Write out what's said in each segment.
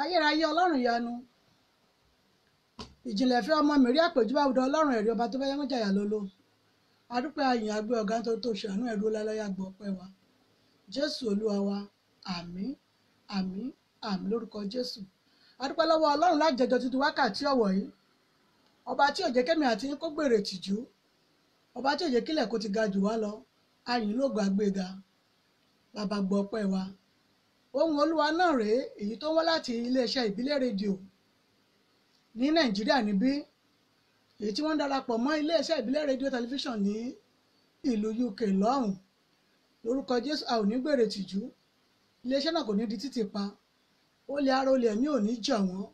ayérayé ọlọ́run yanu ìjìnlẹ̀ fẹ́ ọmọ mi rí àpèjú bá wùdọ̀ ọlọ́run ẹ̀rí ọba tó fẹ́ yẹ́mú jàyà lólo adúpẹ́ ayìn agbé ọ̀gá tó tó ṣàánú ẹ̀rú lálọ́yà gbọ́ pẹ́ wa jésù olúwa wa àmín àmín àmín lórúkọ jésù adúpẹ́ lọ́wọ́ ọlọ́run lájẹjọ tuntun wákàtí ọ̀wọ̀ yìí ọba tí òjẹ́ kẹ́mi àti yín kó gbèrè tìjú ọba tí òjẹ́ kílẹ̀ kó ti ga jù wá lọ ayìn lóògùn àgbéga bàbá gbọ́ pẹ́ wa ohun olúwa náà rèé èyí tó wá láti iléeṣẹ́ ìbílẹ̀ rédíò ní nàìjíríà níbí èyí tí wọ́n darapọ̀ mọ́ iléeṣẹ́ ìbílẹ̀ rédíò tẹlifíṣàn ní ìlú UK lọ́hùn lórúkọ jésù a ò ní gbèrè tìjú iléeṣẹ́ náà kò ní di títì pa olè ara olè ẹ̀mí ò ní jẹ wọ́n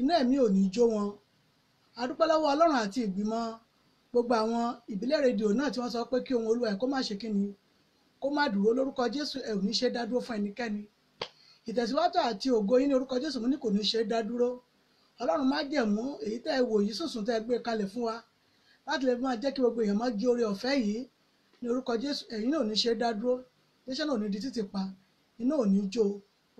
iná ẹ̀mí ò ní jó wọn a lọ́wọ́ ọlọ́run àti ìgbìmọ̀ gbogbo àwọn ìbílẹ̀ rédíò náà tí wọ́n sọ pé kí ohun olúwa ẹ̀ má ṣe kí ni kó má dúró lórúkọ jésù ẹ ò ní ṣe dádúró fún ẹnikẹ́ni ìtẹ̀síwájú àti ògo yín ní orúkọ jésù mo ní kò ní ṣe dádúró ọlọ́run má jẹ̀mú èyí tẹ́ ẹ wò yìí sùnsùn tẹ́ ẹ gbé kalẹ̀ fún wa láti lè máa jẹ́ kí gbogbo èèyàn máa jí oore ọ̀fẹ́ yìí ní orúkọ jésù ẹ̀yin náà ò ní ṣe dádúró iléeṣẹ́ náà ò ní di títì pa iná ò ní jó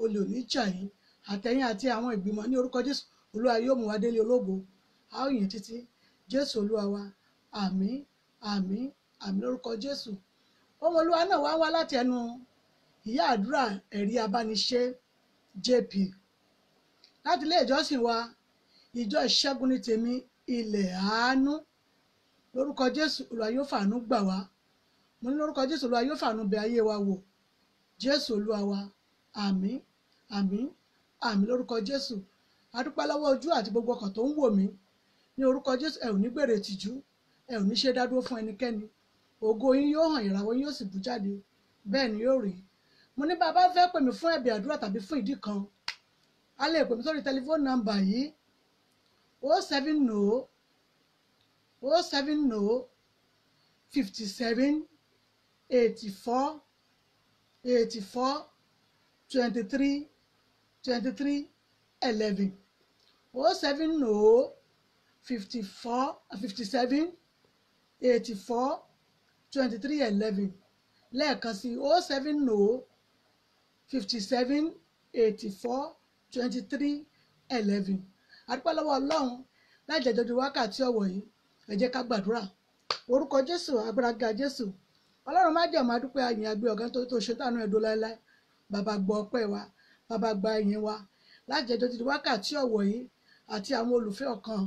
olè ò ní jà yín àtẹ̀yìn àti àwọn ìgbìmọ̀ ní orúkọ jésù olúwa yóò mú wa délé ológo a ó yìn títí jésù olúwa wa àmín àmín àmín lórúkọ jésù ohun olúwa náà wá wá láti ẹnu ìyá àdúrà ẹ̀rí abániṣe jp láti ilé ìjọsìn wa ìjọ ìṣẹ́gun ní tèmi ilẹ̀ àánú lórúkọ jésù olúwa yóò fàánú gbà wá mo ní lórúkọ jésù olúwa yóò fàánú bẹ ayé wa wò jésù olúwa wa àmín àmín àmín lórúkọ jésù adúpẹ́ lọ́wọ́ ojú àti gbogbo ọkàn tó ń wò mí ní orúkọ jésù ẹ ò ní gbèrè tìjú ẹ ò ní ṣe dádúró fún ẹnikẹ́ni ògo yín yóò hàn ìràwọ̀ yín yóò sì bú jáde bẹ́ẹ̀ ni yóò rí mo ní bàbá fẹ́ pè mí fún ẹ̀bẹ̀ àdúrà tàbí fún ìdí kan a lè pè mí sórí tẹlifóònù nàmbà yìí o seven no o seven no fifty seven eighty four eighty four twenty three twenty three eleven o seven no fifty four fifty seven eighty four twenty three eleven lẹ́ẹ̀kan sí o oh seven no fifty seven eighty four twenty three eleven àdúpẹ́ lọ́wọ́ ọlọ́run lájẹjọ́ di wákàtí ọ̀wọ̀ yìí ẹ jẹ́ ká gbàdúrà orúkọ jésù agbára jésù ọlọ́run má jẹ́ ọ̀ma dúpẹ́ àyìn àgbẹ̀ ọ̀gá tó tó ṣe tánú ẹ̀dọ́ láéláé bàbá gbọ́ ọpẹ́ wa bàbá gba ẹ̀yìn wa lájẹjọ́ di wákàtí ọ̀wọ̀ yìí àti àwọn olùfẹ́ ọ̀kan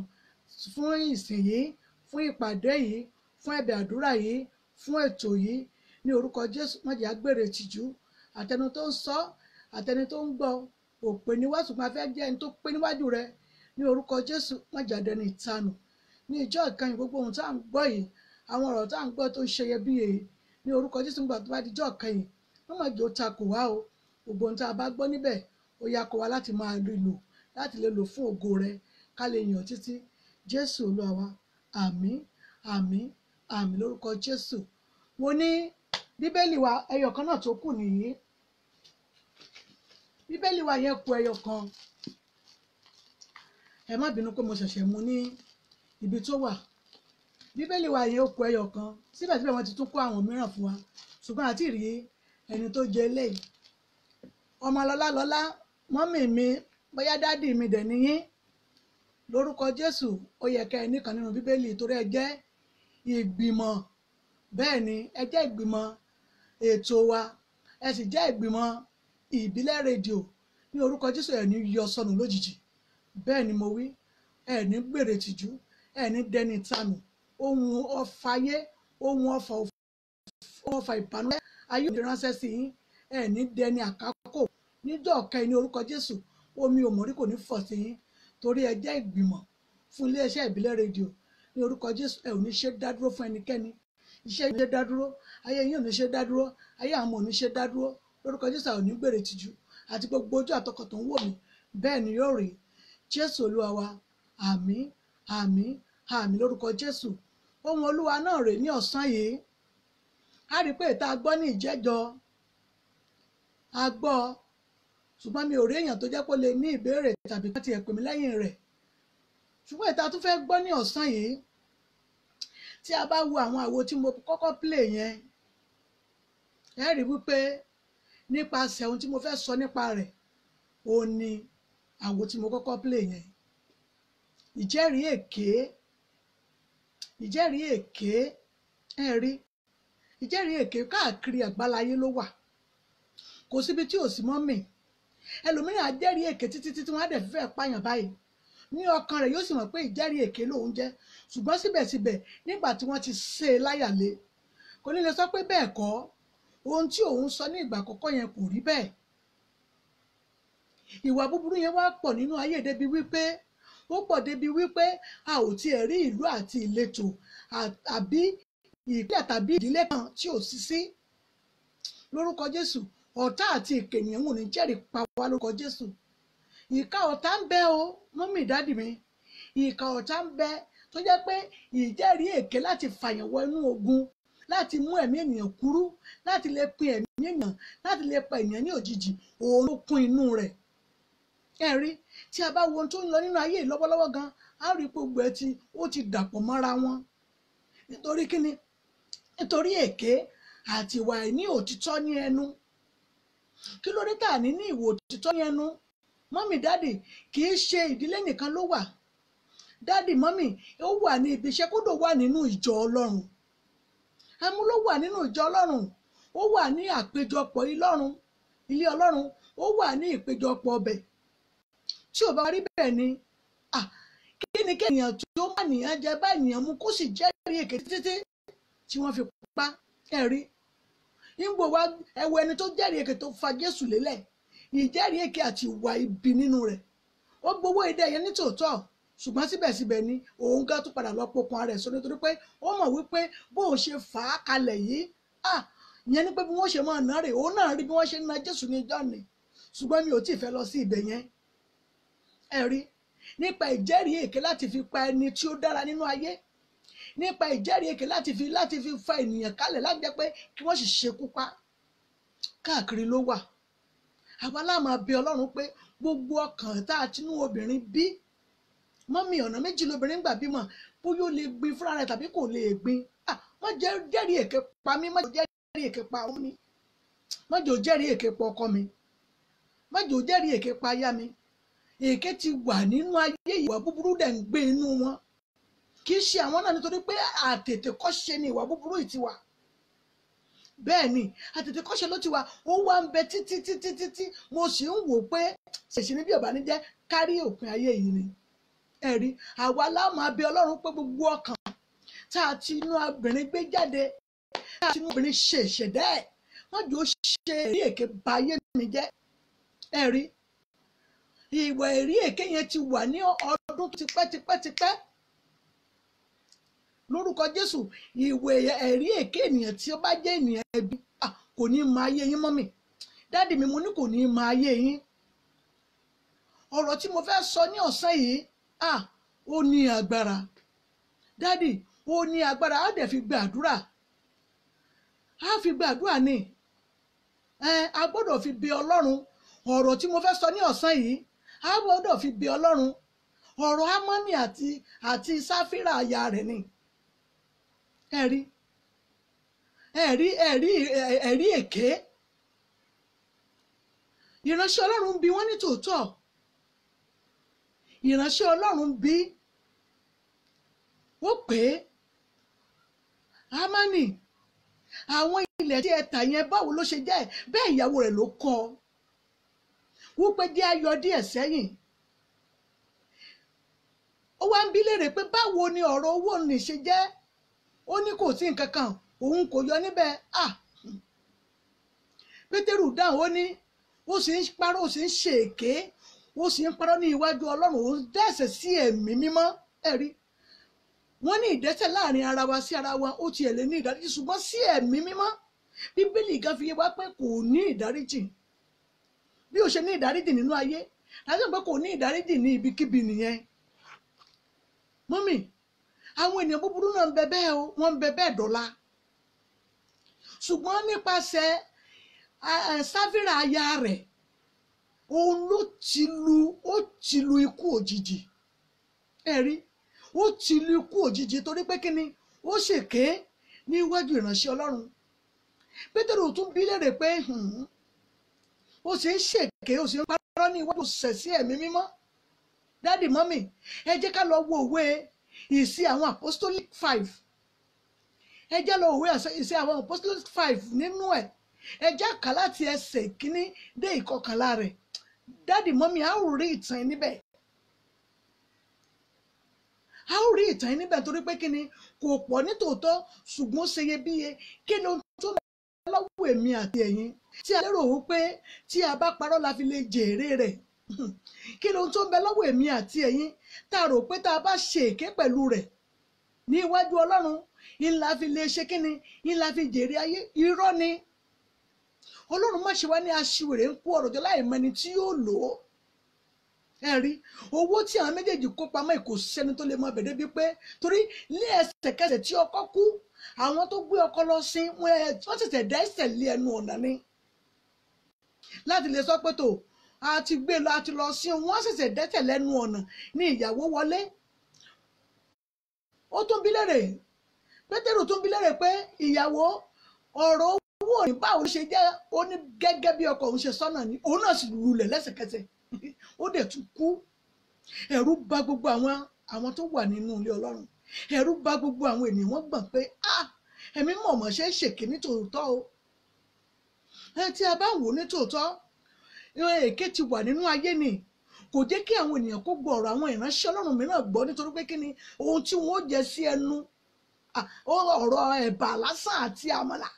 fún ìsìn yìí fún ìpàdé yìí fún ẹ̀bẹ̀ àdúrà yìí fún ètò yìí ní orúkọ Jésù má jẹ́ agbèrè tìjú àtẹni tó ń sọ àtẹni tó ń gbọ́ òpè níwájú máa fẹ́ jẹ́ ẹni tó pé níwájú rẹ ní orúkọ Jésù má jẹ́ adẹni ìtanù ní ìjọ ìkànnì gbogbo ohun tá à ń gbọ́ yìí àwọn ọ̀rọ̀ tá à ń gbọ́ tó ń ṣe iyebíye ní orúkọ Jésù nígbà tó bá di ìjọ ìkànnì wọ́n mọ̀ jò ta kò wá o gbogbo ohun tá a bá gbọ́ níbẹ̀ ó yá kó wa láti máa rí lò láti lè lò fún ògo rẹ ká lè yàn títí Jésù Olúwa àmín àmín àmín lórúkọ Jésù mo ní bíbélì wa ẹyọ kan náà tó kù nìyí bíbélì wa yẹn kù ẹyọ kan ẹ má bínú pé mo ṣẹ̀ṣẹ̀ mú ní ibi tó wà bíbélì wa yẹn kù ẹyọ kan síbẹ̀síbẹ̀ wọ́n ti tún kó àwọn mìíràn fún wa ṣùgbọ́n àti rí ẹni tó jẹ eléyìí ọmọlọ́lá lọ́lá mọ́mì mi bóyá dádì mi dẹ̀ nìyí lórúkọ jésù ó yẹ kẹ́ ẹ nìkan nínú bíbélì torí ẹ jẹ́ ìgbìmọ̀ bẹ́ẹ̀ ni ẹ jẹ́ ìgbìmọ̀ ètò wa ẹ sì jẹ́ ìgbìmọ̀ ìbílẹ̀ rédíò ní orúkọ Jésù ẹ̀ ní yọ sọnù lójijì bẹ́ẹ̀ ni mo wí ẹ̀ ní gbèrè tìjú ẹ̀ ní dẹni tàmì ohun ọfàyé ohun ọfà ọfà ìbànújẹ́ ayé òde ránṣẹ́ sí yín ẹ̀ ní dẹni àkákò nídọ̀ọ̀kẹ́ ní orúkọ Jésù omi òmòrí kò ní fọ̀ sí yín torí ẹ jẹ́ ìgbìmọ̀ fún iléeṣẹ́ ìbílẹ̀ rédíò ní orúkọ Jésù ẹ ò ní ṣe dádúró fún ẹnikẹ́ni iṣẹ́ yìí dá dúró ayé yìí ò ní ṣe dá dúró ayé àwọn ò ní ṣe dá dúró lórúkọ Jésù àwọn ò ní gbèrè tìjú àti gbogbo ojú àtọkọ tó ń wò mí bẹ́ẹ̀ ni yóò rí Jésù Olúwa wa àmín àmín àmín lórúkọ Jésù ohun Olúwa náà rè ní ọ̀sán yìí a rí pé ìta gbọ́ ní ìjẹ́jọ́ a gbọ́ ṣùgbọ́n mi ò rí èèyàn tó jẹ́ pé lè ní ìbéèrè tàbí ká tiẹ̀ pè mí lẹ́yìn rẹ̀ ṣùgbọ́n ìta tún fẹ́ gbọ́ ní ọ̀sán yìí tí a bá wo àwọn àwo tí mo kọ́kọ́ play yẹn ẹ rí wípé nípasẹ̀ ohun tí mo fẹ́ sọ nípa rẹ̀ ó ní àwo tí mo kọ́kọ́ play yẹn ìjẹ́rìí èké ìjẹ́rìí èké ẹ rí ìjẹ́rìí èké káàkiri àgbáláyé ló wà kò síbi tí ò sí mọ́ mi ẹlòmíràn á èké títí tí wọ́n á dẹ̀ fẹ́ pààyàn báyìí ní ọkàn rẹ̀ yóò sì mọ̀ pé ìjẹ́rìí èké lòun jẹ́ ṣùgbọ́n síbẹ̀síbẹ̀ nígbà tí wọ́n ti ṣe é láyàlé kò ní lè sọ pé bẹ́ẹ̀ kọ́ ohun tí òun sọ ní ìgbà àkọ́kọ́ yẹn kò rí bẹ́ẹ̀ ìwà búburú yẹn wá pọ̀ nínú ayé débi wípé ó pọ̀ débi wípé a ò tiẹ̀ rí ìlú àti ìletò àbí ìpínlẹ̀ tàbí ìdílé kan tí ò sí sí lórúkọ Jésù ọ̀tá àti ìkènìyàn wò ní jẹ́rìí pa wá lórúkọ Jésù ìka ọ̀tá ń bẹ o mọ́mì dádì mi ìka ọ̀tá ń bẹ tó jẹ́ pé ìjẹ́rìí èké láti fàyàn wọ inú ogun láti mú ẹ̀mí ènìyàn kúrú láti lè pin ẹ̀mí ènìyàn láti lè pa ènìyàn ní òjijì òun ló kún inú rẹ̀ ẹ rí tí a bá wo ohun tó ń lọ nínú ayé lọ́wọ́lọ́wọ́ gan a rí gbogbo ẹ ti ó ti dàpọ̀ mọ́ra wọn nítorí kíni nítorí èké àti ìwà ìní òtítọ́ ní ẹnu kí ló dé tà ní ní ìwò òtítọ́ ní ẹnu mọ́mì dáàdì kì í ṣe ìdílé nìkan ló wà dáàdì mọ́mì ó wà ní ibi iṣẹ́ kódò wà nínú ìjọ ọlọ́run àmú ló wà nínú ìjọ ọlọ́run ó wà ní àpéjọpọ̀ ìlọ́run ilé ọlọ́run ó wà ní ìpéjọpọ̀ ọbẹ̀ tí ò bá rí bẹ́ẹ̀ ni kí ni kéèyàn tó má nìyàn jẹ bá ènìyàn mú kó sì jẹ́rìí èké títí tí wọ́n fi pa ẹ̀rí ń gbò wá ẹwọ ẹni tó jẹ́rìí èké tó fa Jésù lélẹ̀ ìjẹ́rìí èké àti ìwà ibi nínú rẹ̀ ó gbowó idẹ yẹn ní tòótọ́ ṣùgbọ́n síbẹ̀síbẹ̀ ni òun gán tún padà lọ pokùn ara ẹ̀ sọ nítorí pé ó mọ̀ wípé bóun ṣe fà á kalẹ̀ yìí ah ìyẹn ni pé bí wọ́n ṣe máa ná rè òun náà rí bí wọ́n ṣe ń na Jésù ní ọjọ́ ni ṣùgbọ́n mi ò tí ì fẹ́ lọ sí ibẹ̀ yẹn ẹ rí nípa ìjẹ́rìí èké láti fi pa ẹni tí ó dára nínú ayé nípa ìjẹ́rìí èké láti fi láti fi fa ènìyàn kalẹ̀ láti jẹ́ pé kí wọ́n sì ṣekú pa káàkiri ló wà àwa láàmú abẹ ọlọ́run pé gbogbo ọkàn tá a tinú obìnrin bí mọ́mí ọ̀nà méjì lóbìnrin gbà bímọ bóyá ó lè gbin fúnra rẹ̀ tàbí kò lè gbin wọ́n jẹ́rìí èké pa mí wọ́n jẹ́rìí èké pa ọmọ mi wọ́n jò jẹ́rìí èké pa ọkọ mi wọ́n jò jẹ́rìí èké pa aya mi èké ti wà nínú ayé ìwà búburú dẹ̀ ń gbé inú wọn kì í ṣe àwọn náà nítorí pé àtètè kọ́ ṣe ni ìwà búburú yìí ti bẹ́ẹ̀ ni àtètè kọ́ṣe ló ti wa, ó wá ń bẹ títí títí títí mo sì ń wò pé ṣèṣì ní bí ọ̀bà ní jẹ́ kárí òpin ayé yìí ni ẹ̀rí àwa la máa bẹ ọlọ́run pé gbogbo ọkàn tá a ti inú obìnrin gbé jáde tá a ti inú obìnrin ṣe ìṣẹ̀dá ẹ̀ wọ́n jò ṣe èrí èké ba ayé mi jẹ́ ẹ̀rí ìwà èrí èké yẹn ti wà ní ọdún tipẹ́tipẹ́tipẹ́ lórúkọ jésù ìwé ẹ̀rí èké ènìyàn tí ó bá jẹ́ ènìyàn ẹbí kò ní máa yé yín mọ́mì dáàdì mi mo ní kò ní máa yé yín ọ̀rọ̀ tí mo fẹ́ sọ ní ọ̀sán yìí ó ní agbára dáàdì ó ní agbára á dẹ̀ fi gbàdúrà á fi gbàdúrà ni a gbọ́dọ̀ fi bí ọlọ́run ọ̀rọ̀ tí mo fẹ́ sọ ní ọ̀sán yìí a gbọ́dọ̀ fi bí ọlọ́run ọ̀rọ̀ amọ́ni àti àti sáfírà aya rẹ̀ ni ẹ̀rí ẹ̀rí ẹ̀rí ẹ̀rí èké ìránṣẹ́ ọlọ́run bí wọ́n ní tòótọ́ ìránṣẹ́ ọlọ́run bí wọ́n pè é Hámánì àwọn ilẹ̀ tí ẹ tà yẹn báwo ló ṣe jẹ́ bẹ́ẹ̀ ìyàwó rẹ̀ ló kọ́ wípé jẹ́ ayọ̀ díẹ̀ sẹ́yìn ó wá ń bi léèrè pé báwo ni ọ̀rọ̀ owó nì ṣe jẹ́ ó ní kò sí nǹkan kan òun kò yọ níbẹ̀ à pétérù dáhùn ó ní ó sì ń parọ́ ó sì ń ṣe èké ó sì ń parọ́ ní iwájú ọlọ́run òun dẹ́ṣẹ̀ sí ẹ̀mí mímọ́ ẹ̀rí wọ́n ní ìdẹ́ṣẹ̀ láàrin ara wa sí ara wa ó ti ẹ̀lẹ́ ní ìdáríjì ṣùgbọ́n sí ẹ̀mí mímọ́ bíbélì gan fi yé wa pé kò ní ìdáríjì bí o ṣe ní ìdáríjì nínú ayé láti pé kò ní ìdáríjì ní ibikíbi nìyẹn mọ́mì àwọn ènìyàn búburú náà ń bẹ bẹ́ẹ̀ o wọ́n ń bẹ bẹ́ẹ̀ dọ́là ṣùgbọ́n nípasẹ̀ sáfìrà aya rẹ̀ òun ló ti lu ó ti lu ikú òjijì ẹ̀rí ó ti lu ikú òjijì torí pé kíni ó ṣèké níwájú ìránṣẹ́ ọlọ́run pétérò tún bí léèrè pé ó ṣe ń ṣèké ó ṣe ń parọ́ ní iwájú ṣẹ̀ sí ẹ̀mí mímọ́ dáàdì mọ́mì ẹ jẹ́ ká lọ wo òwe ìsí àwọn apostolic five ẹ jẹ́ lọ òwe ìsí àwọn apostolic five nínú ẹ̀ ẹ jẹ́ kà láti ẹsẹ̀ kínní dé ìkọkànlá rẹ̀ dáàdì mọ́mí a ó rí ìtàn ẹ níbẹ̀ a ó rí ìtàn ẹ níbẹ̀ torí pé kínní kò pọ̀ nítòótọ́ ṣùgbọ́n ṣe iyebíye ni ohun tó lọ́wọ́ èmi àti ẹ̀yin tí a lérò wípé tí a bá parọ́ la fi lè jèrè rẹ̀ kí ló ń tó ń bẹ lọ́wọ́ èmi àti ẹ̀yin tá a rò pé tá a bá ṣe èké pẹ̀lú rẹ̀ ní iwájú ọlọ́run ìlà fi lè ṣe kíni ìlà fi jèrè ayé irọ́ ni ọlọ́run má ṣe wá ní aṣiwèrè ń kó ọ̀rọ̀ jọ láì mọ ẹni tí yóò lò ó ẹ rí owó tí àwọn méjèèjì kó pamọ́ kò sẹ́ni tó lè mọ bẹ̀rẹ̀ bíi pé torí ní ẹsẹ̀kẹsẹ̀ tí ọkọ kú àwọn tó gbé ọkọ lọ sí wọn ṣẹ̀ṣẹ̀ dá ẹsẹ̀ lé ẹnu ọ̀nà ni láti lè sọ pé tó a ti gbé lọ a ti lọ sí wọn ṣẹ̀ṣẹ̀ dẹ́tẹ̀ lẹ́nu ọ̀nà ní ìyàwó wọlé ó tún bí lérè pétérù tún bí lérè pé ìyàwó ọ̀rọ̀ owó òní báwo ṣe jẹ́ ó ní gẹ́gẹ́ bí ọkọ òun ṣe sọ́nà ni òun náà sì lulẹ̀ lẹ́sẹ̀kẹsẹ̀ ó dẹ̀ tún kú ẹ̀rù bà gbogbo àwọn àwọn tó wà nínú ilé ọlọ́run ẹ̀rù bà gbogbo àwọn ènìyàn wọ́n gbà pé ah ẹ̀mí mọ̀ọ́mọ̀ ṣe é ṣèké nítòótọ́ o ẹ tí a bá wò ó nítòótọ́ èké ti wà nínú ayé ni kò jẹ́ kí àwọn ènìyàn kó gbọ́ ọ̀rọ̀ àwọn ìránṣẹ́ ọlọ́run mìíràn gbọ́ nítorí pé kí ni ohun tí wọ́n jẹ sí ẹnu ọ̀rọ̀ ẹ̀bà lásán àti àmàlà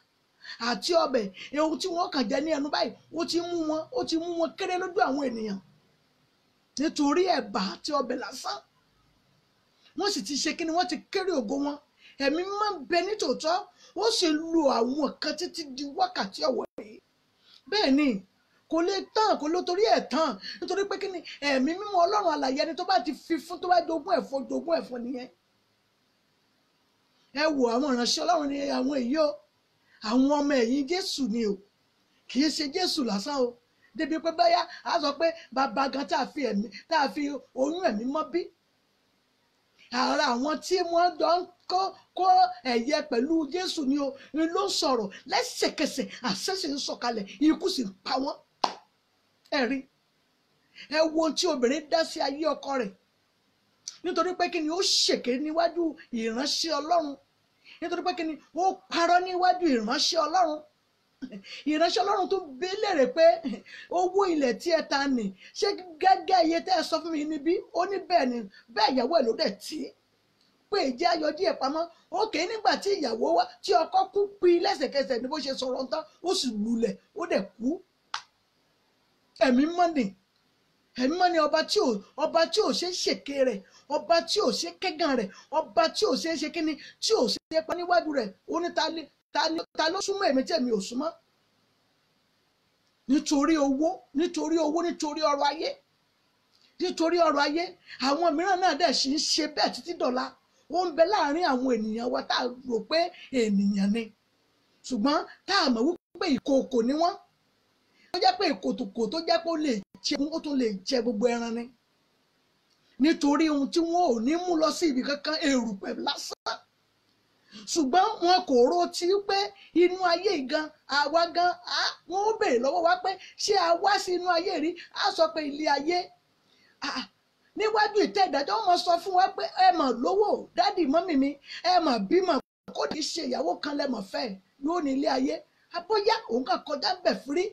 àti ọbẹ̀ ohun tí wọ́n kàn jẹ ní ẹnu báyìí ó ti mú wọn ó ti mú wọn kéré lójú àwọn ènìyàn nítorí ẹ̀bà àti ọbẹ̀ lásán wọ́n sì ti ṣe kí ni wọ́n ti kéré ògo wọn ẹ̀mí máa ń bẹ nítòótọ́ ó sì lu àwọn kan títí di wákàtí ọ̀wọ́ yìí bẹ́ẹ̀ ni kò lè tán kò ló torí ẹ̀ tán nítorí pé kí ni ẹ̀mí mímọ́ ọlọ́run alàyè ẹni tó bá ti fi fún tó bá jogún ẹ̀fọ́ jogún ẹ̀fọ́ nìyẹn ẹ wò àwọn ìránṣẹ́ ọlọ́run ni àwọn èyí o àwọn ọmọ ẹ̀yìn jésù ni o kì í ṣe jésù lásán o débi pé báyà á sọ pé bàbá gan tá a fi ẹ̀mí tá a fi oyún ẹ̀mí mọ́ bí ara àwọn tí wọ́n jọ ń kó kó ẹ̀yẹ pẹ̀lú jésù ni o ni ló ń sọ̀rọ̀ lẹ́sẹ̀kẹsẹ̀ àṣẹ̀ṣẹ̀ ń sọ̀kalẹ̀ ikú sì ń pa wọ́n ẹ rí ẹ wo ohun tí obìnrin dá sí ayé ọkọ rẹ̀ nítorí pé kí ni ó ṣèké níwájú ìránṣẹ́ Ọlọ́run nítorí pé kí ni ó parọ́ níwájú ìránṣẹ́ Ọlọ́run ìránṣẹ́ Ọlọ́run tó bí léèrè pé owó ilẹ̀ tí ẹ ta nì ṣé gẹ́gẹ́ iye tẹ́ ẹ sọ fún mi níbí ó ní bẹ́ẹ̀ ni bẹ́ẹ̀ ìyàwó ẹ̀ ló dẹ̀ tí pé ìjẹ́ ayọ̀ díẹ̀ pamọ́ òkè nígbà tí ìyàwó wá tí ọkọ kú pi lẹ́sẹ̀kẹsẹ̀ ni bó ṣe sọ̀rọ̀ tán ó sì lulẹ̀ ó dẹ̀ kú ẹ̀mí mọ́nì ẹ̀mí mọ́nì ọba tí ò ọba tí ò ṣe é ṣèké rẹ̀ ọba tí ò ṣe é kẹ́gàn rẹ̀ ọba tí ò ṣe é ṣe kíni tí ò ṣe é pa níwájú rẹ̀ ó ní ta ló súnmọ́ èmi tí ò súnmọ́ nítorí owó nítorí owó nítorí ọrọ̀ ayé nítorí ọrọ̀ ayé àwọn mìíràn náà dẹ̀ sì ń ṣe bẹ́ẹ̀ títí dọ̀la ó ń bẹ láàrin àwọn ènìyàn wa tá a rò pé ènìyàn ni ṣùgbọ́n tá a mọ̀ wípé ìkookò ni wọ́n tó jẹ́ pé ìkòtòkò tó jẹ́ pé ó lè jẹ ó tún lè jẹ gbogbo ẹran ni nítorí ohun tí wọn ò ní mú lọ sí ibi kankan èrùpẹ̀ lásán ṣùgbọ́n wọn kò rotí pé inú ayé gan àwa gan wọn ó béèrè lọ́wọ́ wa pé ṣé a wá sí inú ayé rí a sọ pé ilé ayé níwájú ìtẹ́ ìdájọ́ wọn sọ fún wa pé ẹ mà lówó dádì mọ́mì mi ẹ mà bímọ kó ní ṣe ìyàwó kan lẹ́mọ̀ fẹ́ lónìí ilé ayé abóyá òun kàn kọjá ń bẹ̀ fúrí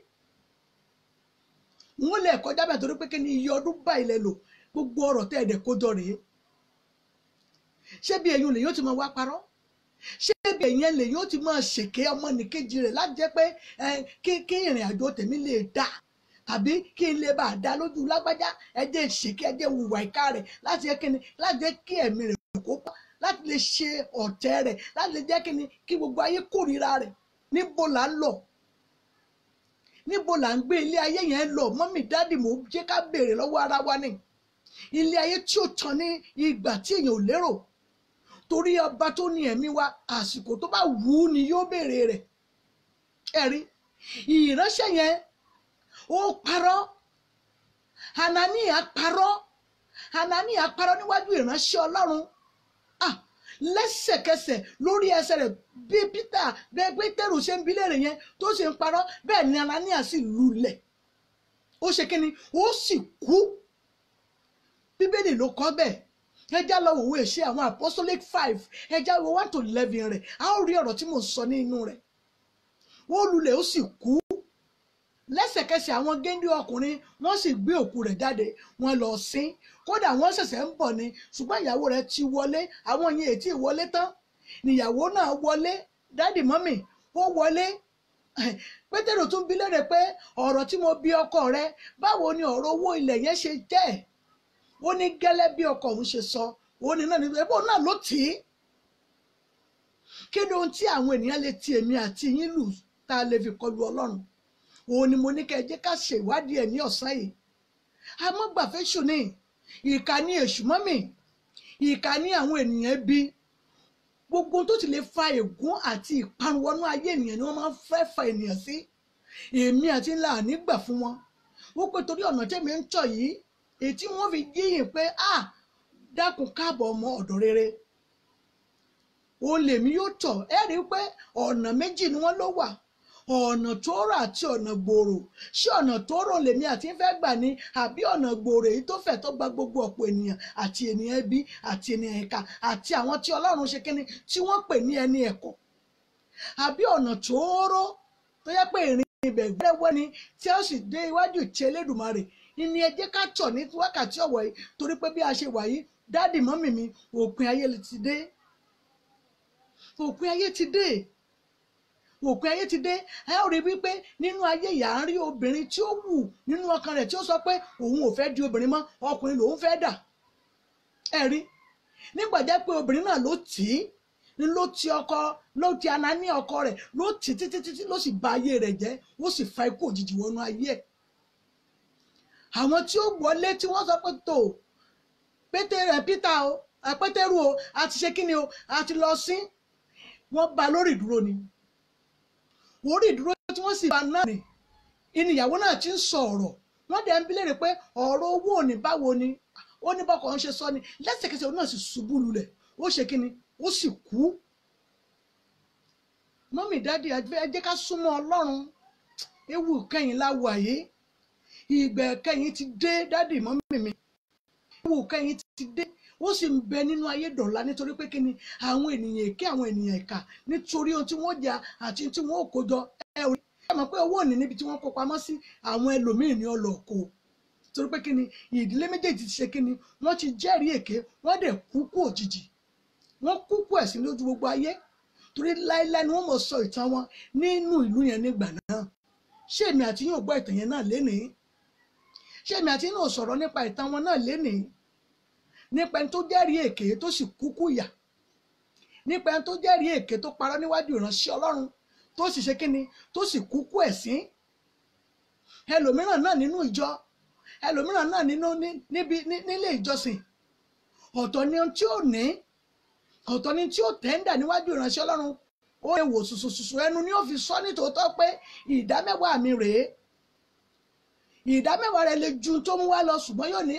wọ́n lè kọjá bẹ́ẹ̀ torí pé kí ni iye ọdún báyìí lẹ lò gbogbo ọ̀rọ̀ tẹ́ ẹ̀dẹ̀ kó jọ rèé ṣé bí ẹ̀yin lèyìn ó ti máa wá parọ́ ṣé bí ẹ̀yin lèyìn ó ti máa ṣèké ọmọnìkejì rẹ̀ láti jẹ́ pé kí ìrìn àjò tèmi lè dà tàbí kí n lè bá dá lójú lágbájá ẹ jẹ́ ṣèké ẹ jẹ́ wùwà ìka rẹ̀ láti jẹ́ kí ni láti jẹ́ kí ẹ̀mí rẹ̀ kó pa láti lè ṣe ọ̀tẹ̀ rẹ̀ láti lè jẹ́ kí ni kí gbogbo ayé kórìíra rẹ̀ níbo là ń lọ níbo là ń gbé ilé ayé yẹn lọ mọ́mì dáàdì mò ń jẹ́ ká béèrè lọ́wọ́ ara wa ni ilé ayé tí ó tán ní ìgbà tí èèyàn ò lérò torí ọba tó ní ẹ̀mí wa àsìkò tó bá wù ú ni yóò béèrè rẹ̀ ẹ̀rí ìránṣẹ́ yẹn ó parọ́ Hanani parọ́ Hanani parọ́ níwájú ìránṣẹ́ Ọlọ́run ah lẹ́sẹ̀kẹsẹ̀ lórí ẹsẹ̀ rẹ̀ bí Peter bẹ́ẹ̀ Pétérù ṣe ń bilé rẹ̀ yẹn tó ṣe ń parọ́ bẹ́ẹ̀ ni Anania sì lulẹ̀ ó ṣe kí ni ó sì kú bíbélì ló kọ́ bẹ́ẹ̀ ẹjá lọ wòwé ṣe àwọn apostolic five ẹjá wo one to eleven rẹ̀ a ó rí ọ̀rọ̀ tí mò ń sọ ní inú rẹ̀ ó lulẹ̀ ó sì kú lẹ́sẹ̀kẹsẹ̀ àwọn géńdé ọkùnrin wọ́n sì gbé òkú rẹ̀ jáde wọ́n lọ sin kódà wọ́n ṣẹ̀ṣẹ̀ ń bọ̀ ni ṣùgbọ́n ìyàwó rẹ̀ ti wọlé àwọn yẹn ètí ìwọlé tán níyàwó náà wọlé dádì mọ́mì ó wọlé pétérò tún bi léèrè pé ọ̀rọ̀ tí mo bi ọkọ rẹ báwo ni ọ̀rọ̀ owó ilẹ̀ yẹn ṣe jẹ́ ó ní gẹ́lẹ́ bí ọkọ òun ṣe sọ òun ní náà ní ẹbí náà ló tì í kí ni ohun tí àwọn ènìyàn lè ti èmi àti yín lù tá a lè fi kọlu ọlọ́run òun ni mo ní kẹ́ ẹ jẹ́ ká ṣèwádìí ẹ̀ ní ọ̀sán yìí amọ́gbàfẹ́sù ni ìka ní èṣù mọ́mì ìka ní àwọn ènìyàn bí gbogbo tó ti lè fa ègún àti ìparun wọnú ayé ènìyàn ni wọ́n máa ń fẹ́ fa ènìyàn sí èmi àti ńlá nígbà fún wọn ó pé torí ọ̀nà tẹ́mi ń tọ̀ yìí èyí tí wọ́n fi jíyìn pé a dákun káàbọ̀ ọmọ ọ̀dọ̀ rere òun lèmi yóò tọ̀ ẹ́ rí i pé ọ̀nà méjì ni wọ́n ló wà ọ̀nà tó rà àti ọ̀nà gbòòrò ṣé ọ̀nà tó rò lèmi àti ń fẹ́ gbà ní àbí ọ̀nà gbòòrò èyí tó fẹ̀ tó gba gbogbo ọ̀pọ̀ ènìyàn àti ènìyàn ẹbí àti ènìyàn ẹ̀ka àti àwọn tí ọlọ́run ṣe kíni tí wọ́n pè ní ẹni ẹ̀kọ́ àbí ọ̀nà tó tó yẹ pé ìrìn ibẹ̀ gbẹ́rẹ́wẹ́ ni tí ó sì dé iwájú ìtì Elédùmarè ìní ẹ jẹ́ ká tọ̀ ní wákàtí ọ̀wọ̀ yìí torí pé bí a ṣe wà yìí dáàdì mọ́mì mi òpin ayé ti dé òpin ayé ti dé òpin ayé ti dé ẹ ó rí wípé nínú ayé ìyá ń rí obìnrin tí ó wù nínú ọkàn rẹ̀ tí ó sọ pé òun ò fẹ́ di obìnrin mọ́ ọkùnrin lòun fẹ́ dà ẹ rí nígbà jẹ́ pé obìnrin náà ló tì í ni ló ti ọkọ ló ti Anani ọkọ rẹ̀ ló tì títí títí ló sì bà ayé rẹ̀ jẹ́ ó sì fa ikú òjijì wọnú ayé ẹ̀ àwọn tí ó wọlé tí wọ́n sọ pé tó pétérù ẹ̀ Peter o pétérù o àti ṣe kí ni o àti lọ sí wọ́n bá lórí ìdúró ni wòórì ìdúró tí wọ́n sì bá náà ni ìnìyàwó náà ti ń sọ ọ̀rọ̀ wọ́n dẹ̀ ń bi léèrè pé ọ̀rọ̀ owó òní báwo ni ó ní bọ́kọ̀ ń ṣe sọ ni lẹ́sẹ̀kẹsẹ̀ òun náà sì ṣubú lulẹ̀ ó ṣe kí ni ó sì kú. mọ́mì dádì ẹ ká súnmọ́ ọlọ́run ewu kẹyìn la wà yìí ìgbẹ́ kẹyìn ti dé dádì mọ́mì mi ewu kẹyìn ti dé wọ́n sì ń bẹ nínú ayé dọ̀la nítorí pé kíni àwọn ènìyàn èké àwọn ènìyàn ìkà nítorí ohun tí wọ́n jà àti tí wọ́n kó jọ ẹ ò ẹ mọ̀ pé owó òní níbi tí wọ́n kó pamọ́ sí àwọn ẹlòmíì ní ọlọ́ọ̀kọ́ torí pé kíni ìdílé méjèèjì ti ṣe kíni wọ́n ti jẹ́rìí èké wọ́n dẹ̀ kúkú òjijì wọ́n kúkú ẹ̀sìn lójú gbogbo ayé torí láéláé ni wọ́n mọ̀ sọ ìtàn wọn nínú ìlú yẹn nígbà náà ṣé èmi àti yín ò gbọ́ ìtàn yẹn náà lénìí ṣé èmi àti yín ò sọ̀rọ̀ nípa ìtàn wọn náà lénìí nípa ẹni tó jẹ́rìí èké tó sì kúkú ìyà nípa ẹni tó jẹ́rìí èké tó parọ́ níwájú ìránṣẹ́ ọlọ́run tó sì ṣe kíni tó sì kúkú ẹ̀sín ẹlòmíràn náà nínú ìjọ ẹlòmíràn náà nínú níbi nílé ìjọsìn ọ̀tọ̀ ni tí ó ní ọ̀tọ̀ ni tí ó tẹ́ńdà níwájú ìránṣẹ́ ọlọ́run ó lè wò sùsùsùsù ẹnu ni ó fi sọ nítòótọ́ pé ìdá mẹ́wàá mi rèé ìdá mẹ́wàá rẹ̀ lè ju tó mú wá lọ ṣùgbọ́n yóò ní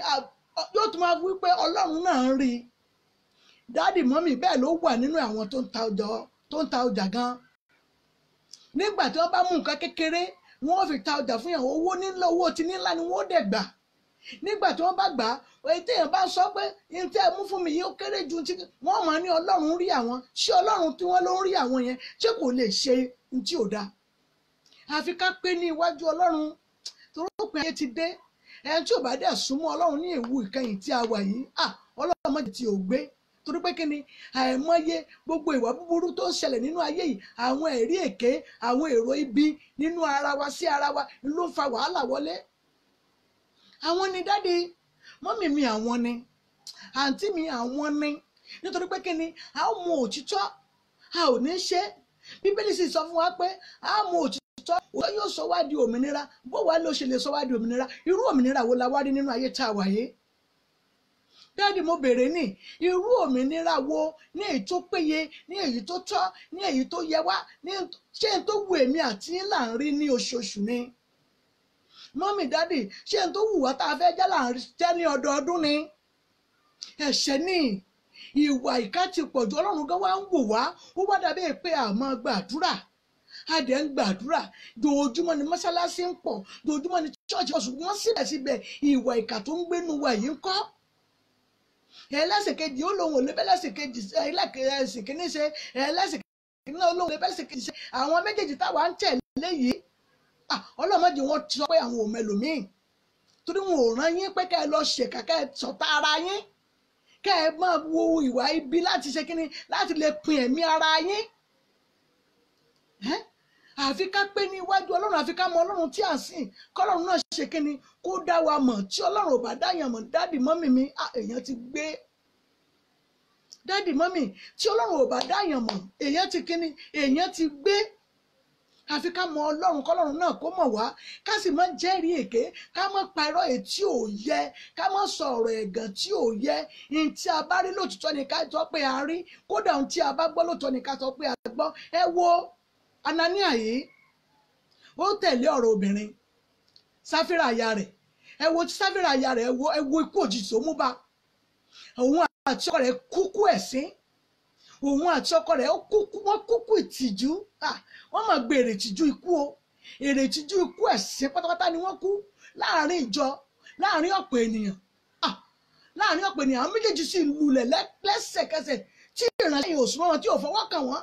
yóò tún máa wí pé ọlọ́run náà ń rí i dáàdì mọ́mì bẹ́ẹ̀ ló wà nínú àwọn tó ń ta ọjà gan nígbà tí wọ́n bá mú nǹkan kékeré wọ́n fi ta ọjà fún yàn owó nílò owó ti nílá ni wọ́n dẹ̀ gbà nígbà tí wọ́n bá gbà á ètò èèyàn bá sọ pé ní tí ẹ mú fún mi yìí ó kéré ju ti wọ́n máa ní ọlọ́run rí àwọn ṣé ọlọ́run tí wọ́n ló ń rí àwọn yẹn ṣé kò lè ṣe ní tí ò dáa àfi ká pé ní iwájú ọlọ́run torópin ayé ti dé ẹni tí ò bá dẹ̀ súnmọ́ ọlọ́run ní ìwú ìkẹyìn tí a wà yìí ọlọ́run mọ̀jẹ̀ tí ò gbé torí pé kí ni àìmọye gbogbo ìwà búburú tó ń ṣẹlẹ̀ nínú ayé yìí àwọn ẹ̀rí èké àwọn èrò ibi nínú ara wa sí ara wa ló ń fa wàhálà wọlé àwọn ni dáàdi mọ́mì mi àwọn ni àǹtí mi àwọn ni nítorí pé kí ni a ó mọ òtítọ́ a ò ní ṣe bíbélì sì sọ fún wa pé a ó mọ òtítọ́ sọ òótọ́ yóò sọ wá di òmìnira bó wàá ló ṣe lè sọ wá di òmìnira irú òmìnira wo la wá rí nínú ayé tá a wà yìí dáàdì mo bèrè ní irú òmìnira wo ní èyí tó péye ní èyí tó tọ́ ní èyí tó yẹ wá ní ṣé n tó wù èmi àti ńlá ń rí ní oṣooṣù ni mọ́mì dáàdì ṣé n tó wù wá tá a fẹ́ jálà ń jẹ́ ní ọdọọdún ni ẹ̀ṣẹ̀ ni ìwà ìkà ti pọ̀jù ọlọ́run gan wá ń wò wá ó wá dàbí pé àmọ́ gbàdúrà a dẹ̀ ń gbàdúrà dojúmọ́ ni mọ́ṣáláṣí ń pọ̀ dojúmọ́ ni chọ́ọ̀chì pọ̀ ṣùgbọ́n síbẹ̀síbẹ̀ ìwà ìkà tó ń gbénu wa yìí ń kọ́ ẹlẹ́sìnkejì ó lóun ò lébẹ́ lẹ́sìnkejì ẹlẹ́sìnkejì ṣe ẹlẹ́sìnkejì náà lóun lébẹ́ lẹ́sìnkejì ṣe àwọn méjèèjì táwa ń tẹ̀lé yìí ọlọ́mọdé wọn sọ pé àwọn ò mẹlòmíì torí wọn ò rán yín pé ká ẹ lọ ṣèkà ká ẹ sọ̀tá ara yín ká ẹ máa wo ìwà ibi láti ṣe kíni láti lè pin ẹ̀mí ara yín àfi ká pé níwájú ọlọ́run àfi ká mọ ọlọ́run tí à sìn kọ́lọ́run náà ṣe kíni kó dá wa mọ̀ tí ọlọ́run ò bá dáyàn mọ̀ dáàdì mọ́mì mi èèyàn ti gbé dáàdì mọ́mì tí ọlọ́run ò bá dáyàn mọ̀ èèyàn ti kíni èèyàn ti gbé àfi ká mọ ọlọ́run kọ́lọ́run náà kó mọ̀ wá ká sì má jẹ́rìí èké ká má parọ́ èyí tí ò yẹ ká má sọ ẹ̀gàn tí ò yẹ ní tí a bá rí lótìtọ́ ni ká sọ pé a rí kódà ohun tí a bá gbọ́ lótìtọ́ ni ká sọ pé a gbọ́ ẹ wo anania yìí ó tẹ̀lé ọ̀rọ̀ obìnrin sáfírà aya rẹ̀ ẹ wo sáfírà aya rẹ̀ ẹ wo ẹ wo ikú òjijì tó mú bá òun àti ọkọ rẹ̀ kúkú ẹ̀sín òun àti ọkọ rẹ̀ wọ́n kúkú ìtìjú wọ́n máa gbé èrè ìtìjú ikú o èrè ìtìjú ikú ẹ̀sìn pátápátá ni wọ́n kú láàrin ìjọ láàrin ọ̀pọ̀ ènìyàn láàrin ọ̀pọ̀ ènìyàn àwọn méjèèjì sì lulẹ̀ lẹ́sẹ̀kẹsẹ̀ tí ìrànlẹ́yìn òṣùwọ̀n wọn tí ò fọwọ́ kàn wọ́n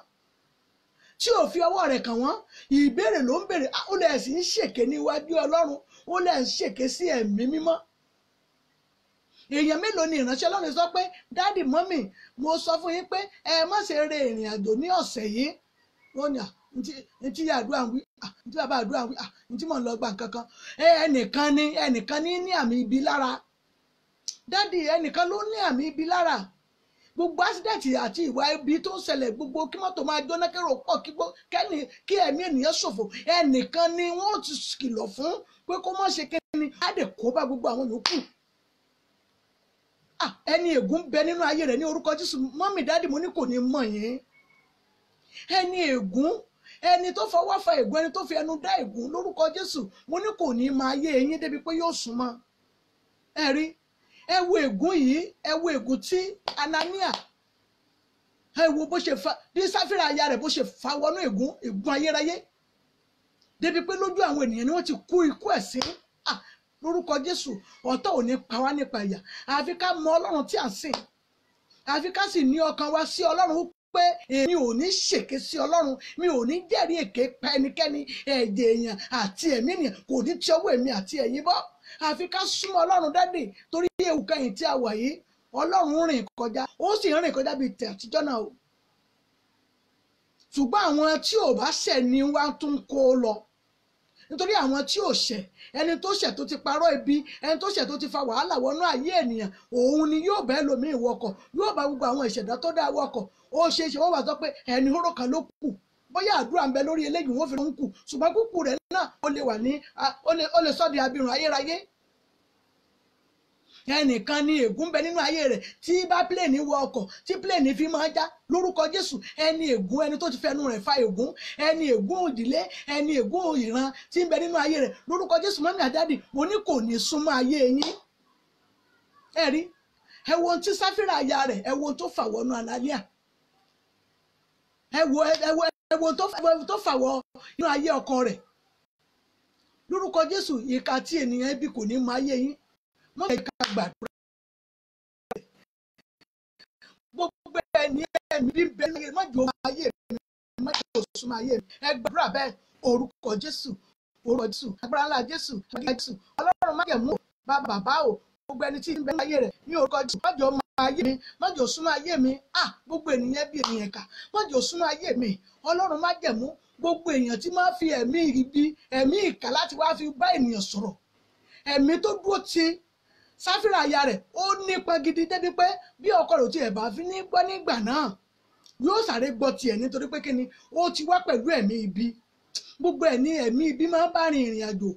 tí ò fi ọwọ́ rẹ̀ kàn wọ́n ìbéèrè ló ń béèrè ah, ó lẹ̀ sì ń ṣèké níwájú ọlọ́run ó lẹ̀ ń ṣèké sí ẹ̀mí mímọ́ èèyàn mélòó ni ìránṣẹ́ ọlọ́run sọ pé dáàdì mọ́mì mo sọ fún yín pé ẹ má re ìrìn àjò ní ọ̀sẹ̀ yìí ah, àdúrà wí ni ní àmì ibi lára gbogbo accident àti ìwà ibi tó ń ṣẹlẹ̀ gbogbo kí mọ́tò máa jóná kẹ́rò pọ̀ kí ẹ̀mí ènìyàn ṣòfò ẹnìkan ni wọ́n ti kìlọ̀ fún pé kó má ṣe kẹ́ni á dẹ̀ kó bá gbogbo àwọn yòókù ah, ẹni ègún bẹ nínú ayé rẹ̀ ní orúkọ Jésù mọ́mì dáàdì mo ní kò ní mọ̀ yín ẹni ègún ẹni tó fọwọ́ fa ègún ẹni tó fi ẹnu dá ègún lórúkọ Jésù mo ní kò ní máa yé eyín débi pé yóò sún ẹ rí ẹ wo ègún yìí ẹ wo ègún tí Anania ẹ wo bó ṣe fa ní sáfìrà aya rẹ̀ bó ṣe fa wọnú ègún ègún ayérayé débi pé lójú àwọn ènìyàn ni wọ́n ti kú ikú ẹ̀sín lórúkọ Jésù ọ̀tọ̀ ò ní pa wá nípa ìyà àfi ká mọ Ọlọ́run tí à ń sìn àfi ká sì ní ọkàn wa sí Ọlọ́run pé èmi ò ní ṣèké sí Ọlọ́run mi ò ní jẹ́rìí èké pa ẹnikẹ́ni ẹ̀jẹ̀ èèyàn àti ẹ̀mí ènìyàn kò ní tí ọwọ́ èmi àti ẹ̀yin bọ́ àfi ká súnmọ́ ọlọ́run dádì torí ewu kẹyìn tí a wà yìí ọlọ́run rìn kọjá ó sì rìn kọjá bíi tẹ̀ àtijọ́ náà o ṣùgbọ́n àwọn tí ò bá ṣẹ̀ ni wá tún kó lọ nítorí àwọn tí ò ṣẹ̀ ẹni tó ṣẹ̀ tó ti parọ́ ibi ẹni tó ṣẹ̀ tó ti fa wàhálà wọnú ayé ènìyàn òun ni yóò bẹ́ẹ̀ lomi ìwọkọ̀ yóò bá gbogbo àwọn ìṣẹ̀dá tó dá wọkọ̀ ó ṣeé ṣe wọ́n bá sọ pé ẹni hóró kan ló kù bóyá àdúrà ń bẹ lórí eléyìí wọ́n fi ń kù ṣùgbọ́n kúkú rẹ̀ náà ó lè wà ní ayérayé ẹnìkan ni ègún bẹ nínú ayé rẹ tí bá pléènì wọ ọkọ̀ tí pléènì fi máa já lórúkọ jésù ẹni ègún ẹni tó ti fẹnu fa ègún ẹni ègún òdìlé ẹni ègún ìran tí ń bẹ nínú ayé lórúkọ jésù mọ́mí kò ní súnmọ́ ayé yín tí sáfìrà aya tó ẹ wo ẹ wo ẹ wo tó fàwọ inú ayé ọkọ rẹ̀ lórúkọ Jésù ìka tí ènìyàn ẹbí kò ní mọ ayé yín wọ́n ìka gbàdúrà rẹ̀ gbogbo ẹni ẹ̀mí bí bẹ́ẹ̀ ní má jò ayé mi má jò súnmọ́ ayé mi ẹ gbàdúrà bẹ́ẹ̀ orúkọ Jésù orúkọ Jésù agbára ńlá Jésù agbára Jésù Ọlọ́run má jẹ̀mú bá bàbá o gbogbo ẹni tí ń bẹ láyé rẹ̀ ní orúkọ jù má jẹ́ ọmọ ayé mi má jẹ́ ayé mi ah gbogbo ènìyàn bí ènìyàn kà má jẹ́ òsúnmọ́ ayé mi ọlọ́run má jẹ̀mú gbogbo èèyàn tí máa fi ẹ̀mí ibi ẹ̀mí ìkà láti wá fi bá ènìyàn sọ̀rọ̀ ẹ̀mí tó dúró ti sáfìrà aya rẹ̀ ó nípa gidi débi pé bí ọkọ rẹ̀ ti ẹ̀bà fi ní gbọ́ nígbà náà yóò sáré gbọ́ tiẹ̀ nítorí pé kíni ó ti wá pẹ̀lú ẹ̀mí ibi gbogbo ẹ̀ ní ẹ̀mí ibi máa ń bá rin ìrìn àjò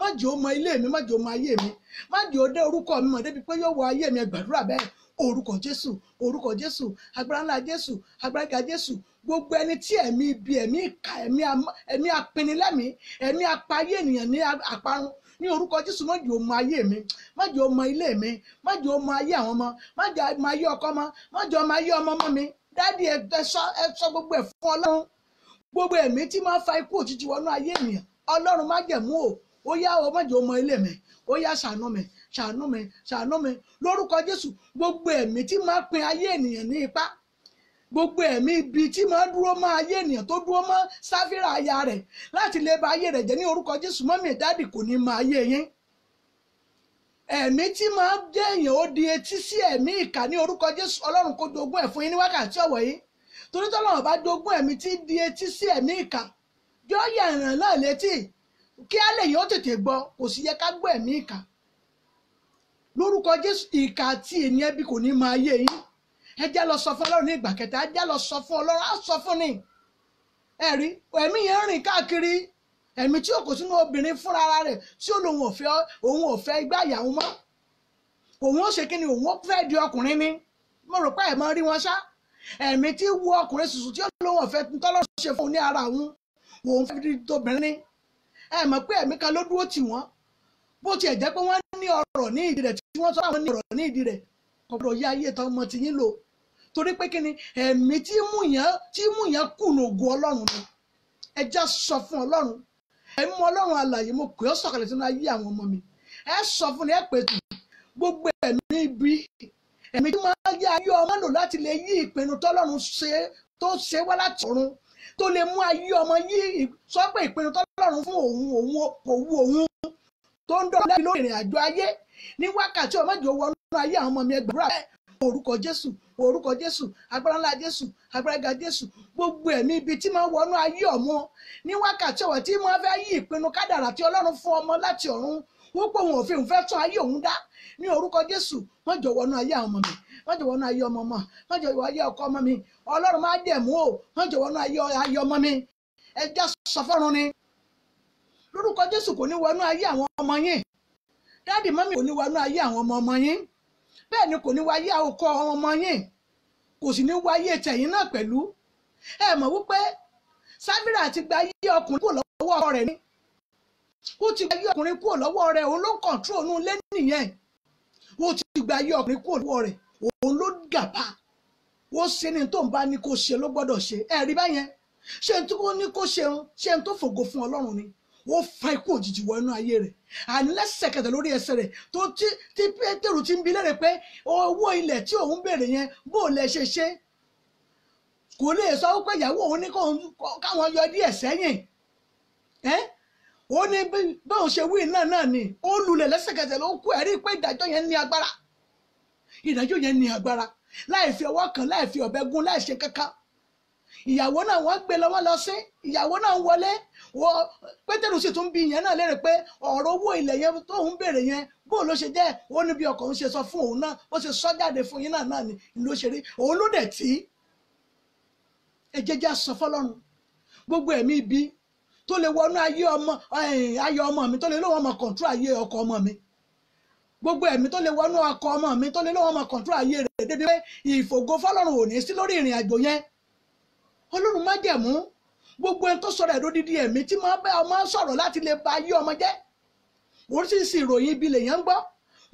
má jẹ́ ọmọ ilé mi má jẹ́ ọmọ ayé mi má jẹ́ ọdẹ orúkọ mi mọ̀ débi pé yóò wọ ayé mi gbàdúrà bẹ́ẹ̀ orúkọ jésù orúkọ jésù agbára ńlá jésù agbára ga jésù gbogbo ẹni tí ẹ̀mí ibi ẹ̀mí ìka ẹ̀mí apinilẹ́mí ẹ̀mí apayé ènìyàn ní àparun ní orúkọ jésù má jẹ́ ọmọ ayé mi má jẹ́ ọmọ ilé mi má jẹ́ ọmọ ayé àwọn ọmọ má jẹ́ ọmọ ayé ọkọ mọ má jẹ́ ọmọ ayé ọmọ ọmọ mi dádì ẹ sọ gbogbo ẹ fún ọlọ́run gbogbo ẹ̀mí tí máa ń fa ikú òjijì wọnú ayé ènìyàn ọlọ́run má jẹ̀mú o ó yá o má jẹ́ ọmọ ilé mi ó yá ṣàánú mi ṣàánú mi ṣàánú mi lórúkọ jésù gbogbo ẹ̀mí tí máa pin ayé ènìyàn ní ipá gbogbo ẹ̀mí ibi tí máa dúró mọ́ ayé ènìyàn tó dúró mọ́ sáfírà aya rẹ̀ láti lè ba ayé rẹ̀ jẹ́ ní orúkọ jésù mọ́mí ìdádì kò ní mọ ayé yín ẹ̀mí tí máa jẹ́ èèyàn ó di etí sí ẹ̀mí ìkà ní orúkọ jésù ọlọ́run kó jogún ẹ̀ fún yín ní wákàtí ọ̀wọ̀ yìí torí tọ́lọ́run bá dógún ẹ̀mí tí ń di etí sí ẹ̀mí ìka yóò yẹ ìràn náà létí kí á lè yóò tètè gbọ́ kò sì yẹ ká gbọ́ ẹ̀mí ìka lórúkọ Jésù ìka àti ènìyàn bí kò ní máa yé yín ẹ jẹ́ lọ sọ fún Ọlọ́run ní ìgbà kẹta ẹ jẹ́ lọ sọ fún Ọlọ́run á sọ fún ni ẹ̀rí ẹ̀mí yẹn rìn káàkiri ẹ̀mí tí òkú sínú obìnrin fúnra rẹ̀ tí ó lòun ò fẹ́ òun ò fẹ́ igbá ìyàwó mọ́ òun ó ṣe kí ni òun ó fẹ́ di ọkùnrin ni mo rò pé ẹ̀ mọ rí wọn ṣáá ẹ̀mí tí wo ọkùnrin sùsù tí ó lóun ọ̀fẹ́ tọ́lọ́run ṣe fún un ní ara òun òun fẹ́ fi tóbìnrin ní ẹ mọ̀ pé ẹ̀mí kan ló dúró tì wọ́n bó tiẹ̀ jẹ́ pé wọ́n ní ọ̀rọ̀ ní ìdí rẹ̀ tí wọ́n sọ àwọn ní ọ̀rọ̀ ní ìdí rẹ̀ ọ̀rọ̀ yá ayé tán ọmọ tiyín lò torí pé kí ni ẹ̀mí tí mú yẹn tí mú yẹn kùnà ògo ọlọ́run ni ẹ já sọ fún ọlọ́run ẹ mú ọlọ́run alààyè mo pè ọ́ sọ̀kalẹ̀ sínú ayé àwọn ọmọ mi ẹ sọ fún ni ẹ pè tù gbogbo ẹ̀mí ibi ẹ̀mí tí máa yá ayé ọmọ lò láti lè yí ìpinnu tọ́lọ́run ṣe tó ṣe wá láti ọ̀run tó lè mú ayé ọmọ yí sọ pé ìpinnu tọ́lọ́run fún òun òun òwú òun tó ń dọ̀rọ̀ lẹ́bi lórí ìrìn àjò ayé ní wákàtí ọmọ ìjọ wọnú ayé àwọn ọmọ mi ẹgbẹ̀rún àbẹ́ orúkọ Jésù orúkọ Jésù agbára ńlá Jésù agbára ga Jésù gbogbo ẹ̀mí ibi tí máa wọnú ayé ọmọ ní wákàtí ọ̀wọ̀ tí máa fẹ́ yí ìpinnu kádàrà tí Ọlọ́run fún ọmọ láti ọ̀run wọ́n pọ̀ wọn òfin òun fẹ́ tún ayé òun dá ní orúkọ jésù wọ́n jọ̀wọ́ ayé ọmọ mi ayé ọmọ mọ́ ayé ọkọ ọmọ mi ọlọ́run má dẹ̀ mú o wọ́n jọ̀wọ́ ayé ọmọ mi ẹja sọ fọ́run ni lórúkọ jésù kò ní wọnú ayé àwọn ọmọ yín dáàdì kò ní wọnú ayé àwọn ọmọ ọmọ yín bẹ́ẹ̀ ni kò ní wáyé ọmọ yín ayé rẹ̀ ó ti gba ayé ọkùnrin kúrò lọ́wọ́ rẹ̀ òun ló ń kọ̀ǹtró inú ilé nìyẹn ó ti gba ayé ọkùnrin kúrò lọ́wọ́ rẹ̀ òun ló gàba ó ṣe ní tó ń bá ní kó ṣe ló gbọ́dọ̀ ṣe ẹ̀rí báyẹn ṣé n tó ní kó ṣe ń ṣé n tó fògo fún ọlọ́run ni ó fa ikú òjijì wọ inú ayé rẹ̀ àní lẹ́sẹ̀kẹsẹ̀ lórí ẹsẹ̀ rẹ̀ tó ti ti pétérù ti ń bi lẹ́rẹ̀ pé owó ilẹ̀ tí òun béèrè yẹn bó lẹ ṣe ṣe kò lè sọ pé ìyàwó òun ní káwọn yọ díẹ̀ sẹ́yìn ẹ́ ó ní báwọn ṣe wí náà náà ni ó lulẹ̀ lẹ́sẹ̀kẹsẹ̀ ló kú ẹ̀rí pé ìdájọ́ yẹn ní agbára ìdájọ́ yẹn ní agbára láì fi ọwọ́ kan láì fi ọ̀bẹ gún láì ṣe kankan ìyàwó náà wọ́n gbé lọ́wọ́ lọ sí ìyàwó náà wọlé wọ pétérù sì tún bí náà lérè pé ọ̀rọ̀ owó ilẹ̀ yẹn tó ń yẹn bó ló ṣe jẹ́ ó ní bí ń ṣe sọ fún òun náà gbogbo ẹ̀mí ibi tó lè wọnú ayé ọmọ ayé ọmọ mi tó lè lóun ọmọ kọ̀ǹtú ayé ọkọ ọmọ mi gbogbo ẹ̀mí tó lè wọnú ọkọ ọmọ mi tó lè lóun ọmọ kọ̀ǹtú ayé rẹ̀ dédé pé ìfògo fọlọ́run ò ní sí lórí ìrìn àjò yẹn ọlọ́run má jẹ̀mú gbogbo ẹni tó sọ̀rọ̀ ẹ̀dọ́ dídí ẹ̀mí tí máa bá ọmọ sọ̀rọ̀ láti lè ba ayé ọmọ jẹ́ oríṣiríṣi ìròyìn ibi lèèyàn ń gbọ́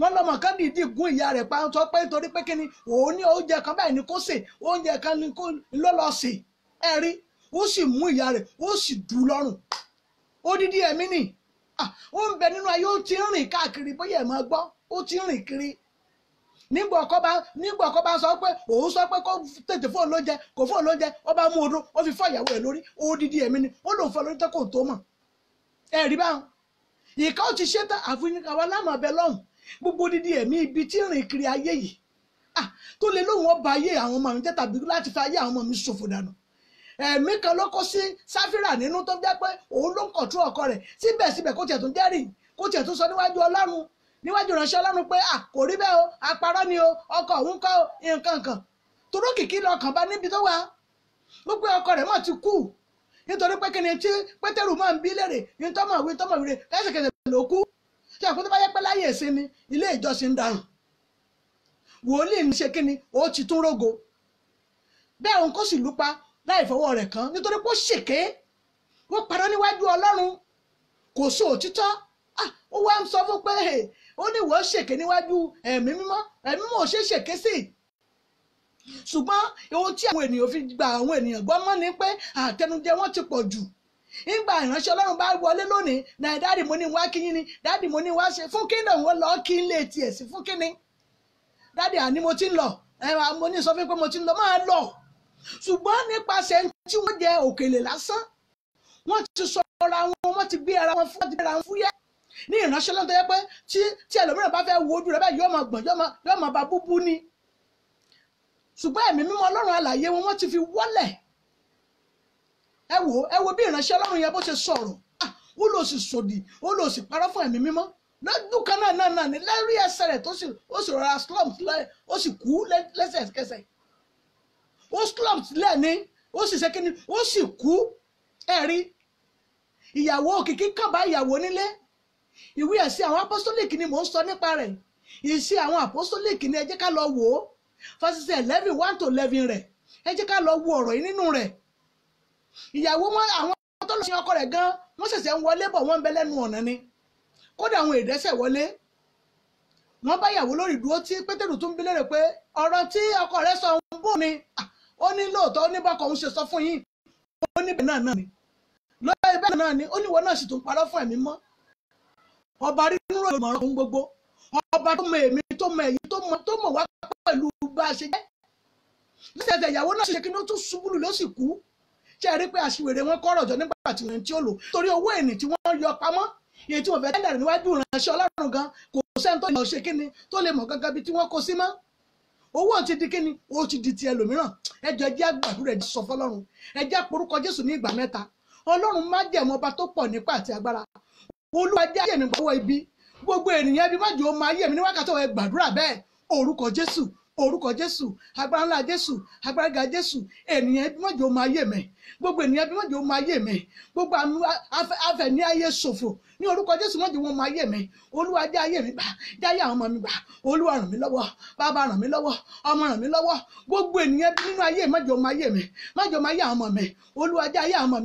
wọn lọmọ kan dìídì gún ìyá rẹ̀ pa sọ pé nítorí pé kíni òun ní oúnjẹ kan báyìí ni kó sè oúnjẹ kan ni kó lọ́lọ́ sè ẹ̀rí ó sì mú ìyá rẹ̀ ó sì dù lọ́rùn odidi ẹ̀mí nì ó ń bẹ nínú ayé ó ti ń rìn káàkiri bóyá ẹ̀ máa gbọ́ ó ti ń rìn kiri nígbà ọkọ bá nígbà ọkọ bá sọ pé òun sọ pé kó tètè fóònù lóúnjẹ kò fóònù lóúnjẹ ó bá mú odó ó fi fọ́ ìyàwó ẹ̀ lórí odidi ẹ̀mí ni ó lòun fọ́ lórí tó kò tó mọ̀ ẹ̀ rí báwọn ìka ó ti ṣe tán àfihàn àwa lámà bẹ lọ́hùn gbogbo odidi ẹ̀mí ibi tí ń rìn kiri ayé yìí tó lè lóun ọba ayé àwọn ọmọ mi tẹ́ tàbí láti fi ayé àwọn ọmọ mi ṣòfò dànù ẹ̀mí kan ló kó sí sáfírà nínú tó jẹ́ pé òun ló ń kọ̀tún ọkọ rẹ̀ síbẹ̀síbẹ̀ kó tiẹ̀ tún jẹ́rì kó tiẹ̀ tún sọ níwájú ọlọ́run níwájú ìránṣẹ́ ọlọ́run pé à kò rí bẹ́ẹ̀ o àparọ́ ni o ọkọ òun kọ́ nǹkan kan toró kìkì lọkàn bá níbi tó wà gbogbo ọkọ rẹ̀ mọ̀ ti kú nítorí pé kíni tí pétérù máa ń bí léèrè ní tọ́mọ̀ wí tọ́mọ̀ wí rè lẹ́sẹ̀kẹsẹ̀ ló kú tí àkótó bá yẹ pé láyé ìsinmi ilé ìjọsìn ń darùn wòlíì ń ṣe kíni ó ti tún rógo bẹ́ẹ̀ òun kò sì lúpa láì fọwọ́ rẹ̀ kàn nítorí pé ó ṣèké wọ́n parọ́ níwájú ọlọ́run kò sọ òtítọ́ ah, ó wá ń sọ fún pé ó ní ìwọ ṣèké níwájú ẹ̀mí mímọ́ ẹ̀mí mímọ́ ò ṣe ṣèké sí ṣùgbọ́n ohun tí àwọn ènìyàn fi gba àwọn ènìyàn gbọ́ mọ́ ni pé àtẹnujẹ wọn ti pọ̀ jù nígbà ìránṣẹ́ ọlọ́run bá wọlé lónìí náà dáàdì mo ní wá kí yín ni dáàdì mo ní wá ṣe fún kí náà wọ́n lọ kí n lè tiẹ̀ sí fún kí ni dáàdì àní mo ti ń lọ mo ní sọ fún pé mo ti ń lọ máa lọ ṣùgbọ́n nípasẹ̀ tí wọ́n jẹ òkèlè lásán wọ́n ti sọ ara wọn wọ́n ti gbé ara wọn fún ara wọn fúyẹ́ ní ìránṣẹ́ lọ́dọ̀ yẹ pé tí tí ẹlòmíràn bá fẹ́ wo ojú rẹ báyìí yóò máa gbọ̀n yóò máa ba búbú ni ṣùgbọ́n ẹ̀mí mímọ́ ọlọ́run alààyè wọn wọ́n ti fi wọ́lẹ̀ ẹ wo ẹ wo bí ìránṣẹ́ ọlọ́run yẹn bó ṣe sọ̀rọ̀ ah, ó lò sí sòdì ó lò sí parọ́ fún ẹ̀mí mímọ́ lọ́dún kan náà náà náà ní lẹ́rí ẹsẹ̀ rẹ̀ tó sì ó sì rọra slump ó sì kú lẹ́sẹ̀kẹsẹ̀ ó slump sílẹ̀ ni ó sì ṣe kíni ó sì kú ẹ̀rí ìyàwó òkìkí kàbá ìyàwó nílé ìwé ẹ̀sìn àwọn apostolic ni mò ń sọ nípa rẹ̀ ìṣe àwọn apostolic ni ẹ jẹ́ ká lọ wò ó fásitì eleven one to eleven rẹ̀ ẹ jẹ́ ká lọ wo ọ̀rọ̀ yìí nínú rẹ̀ ìyàwó mọ́ àwọn tó lọ sí ọkọ rẹ̀ gan wọ́n ṣẹ̀ṣẹ̀ ń wọlé bọ̀ wọ́n ń bẹ lẹ́nu ọ̀nà ni kódà àwọn èdèṣẹ̀ wọlé wọ́n bá ìyàwó lórí dúró tí pétérù tún bí lérè pé ọ̀rọ̀ tí ọkọ rẹ̀ sọ ń bò ni ah, ó ní lóòótọ́ ó ní bákan òun ṣe sọ fún yín ó ní bẹ́ẹ̀ náà náà ni lọ́wọ́ ibẹ̀ náà ni ó ní ìwọ náà sì tún parọ́ fún ẹ̀mí mọ́ ọba rírú ìmọ̀ràn fún gbogbo ọba tó mọ èmi tó mọ èyí tó mọ tó mọ wá pẹ̀lú bá a ṣe jẹ́ lẹ́sẹ̀ẹ̀sẹ̀ ìyàwó náà ṣe kí ni ó tún ṣubúlù ló sì kú ṣe rí pé àṣìwèrè wọn kọ́rọ̀ jọ nígbà tí wọ́n ti ó lò torí owó ẹ̀nì tí wọ́n yọ pamọ́ èyí tí wọ́n fẹ́ tẹ́lẹ̀ níwájú ìránṣẹ́ ọlọ́run gan kò sẹ́ni tó lè mọ̀ ṣe kí ni tó lè mọ̀ gangan bí tí wọ́n kó sí mọ́ owó ti di kíni ó ti di ti ẹlòmíràn ẹjọ ẹjẹ àgbàdo rẹ sọ fọ́lọ́run ẹjẹ àporúkọ jésù ní ìgbà mẹ́ta ọlọ́run má jẹ̀mọ́ ọba tó pọ̀ nípa àti agbára olúwa jẹ́ àyẹ̀mí gbọ́wọ́ ibi gbogbo ènìyàn ibi má jò ó máa yẹ̀mí ní wákàtí ọ̀hún ẹ gbàdúrà orúkọ jésù orúkọ jésù agbára ńlá jésù agbára ga jésù ènìyàn ẹbí mọ̀jọ́ máa yé mẹ́ gbogbo ènìyàn ẹbí mọ̀jọ́ máa yé mẹ́ gbogbo afẹ́ni ayé ṣòfò ní orúkọ jésù mọ̀jọ́ wọn máa yé mẹ́ olúwa jẹ́ ayé mi gbà jẹ́ ayé àwọn ọmọ mi gbà olúwa ràn mí lọ́wọ́ bàbá ràn mí lọ́wọ́ ọmọ ràn mí lọ́wọ́ gbogbo ènìyàn nínú ayé mọ̀jọ́ máa yé mẹ́ mọ̀jọ́ máa yé àwọn ọmọ mi olúwa jẹ́ ayé àwọn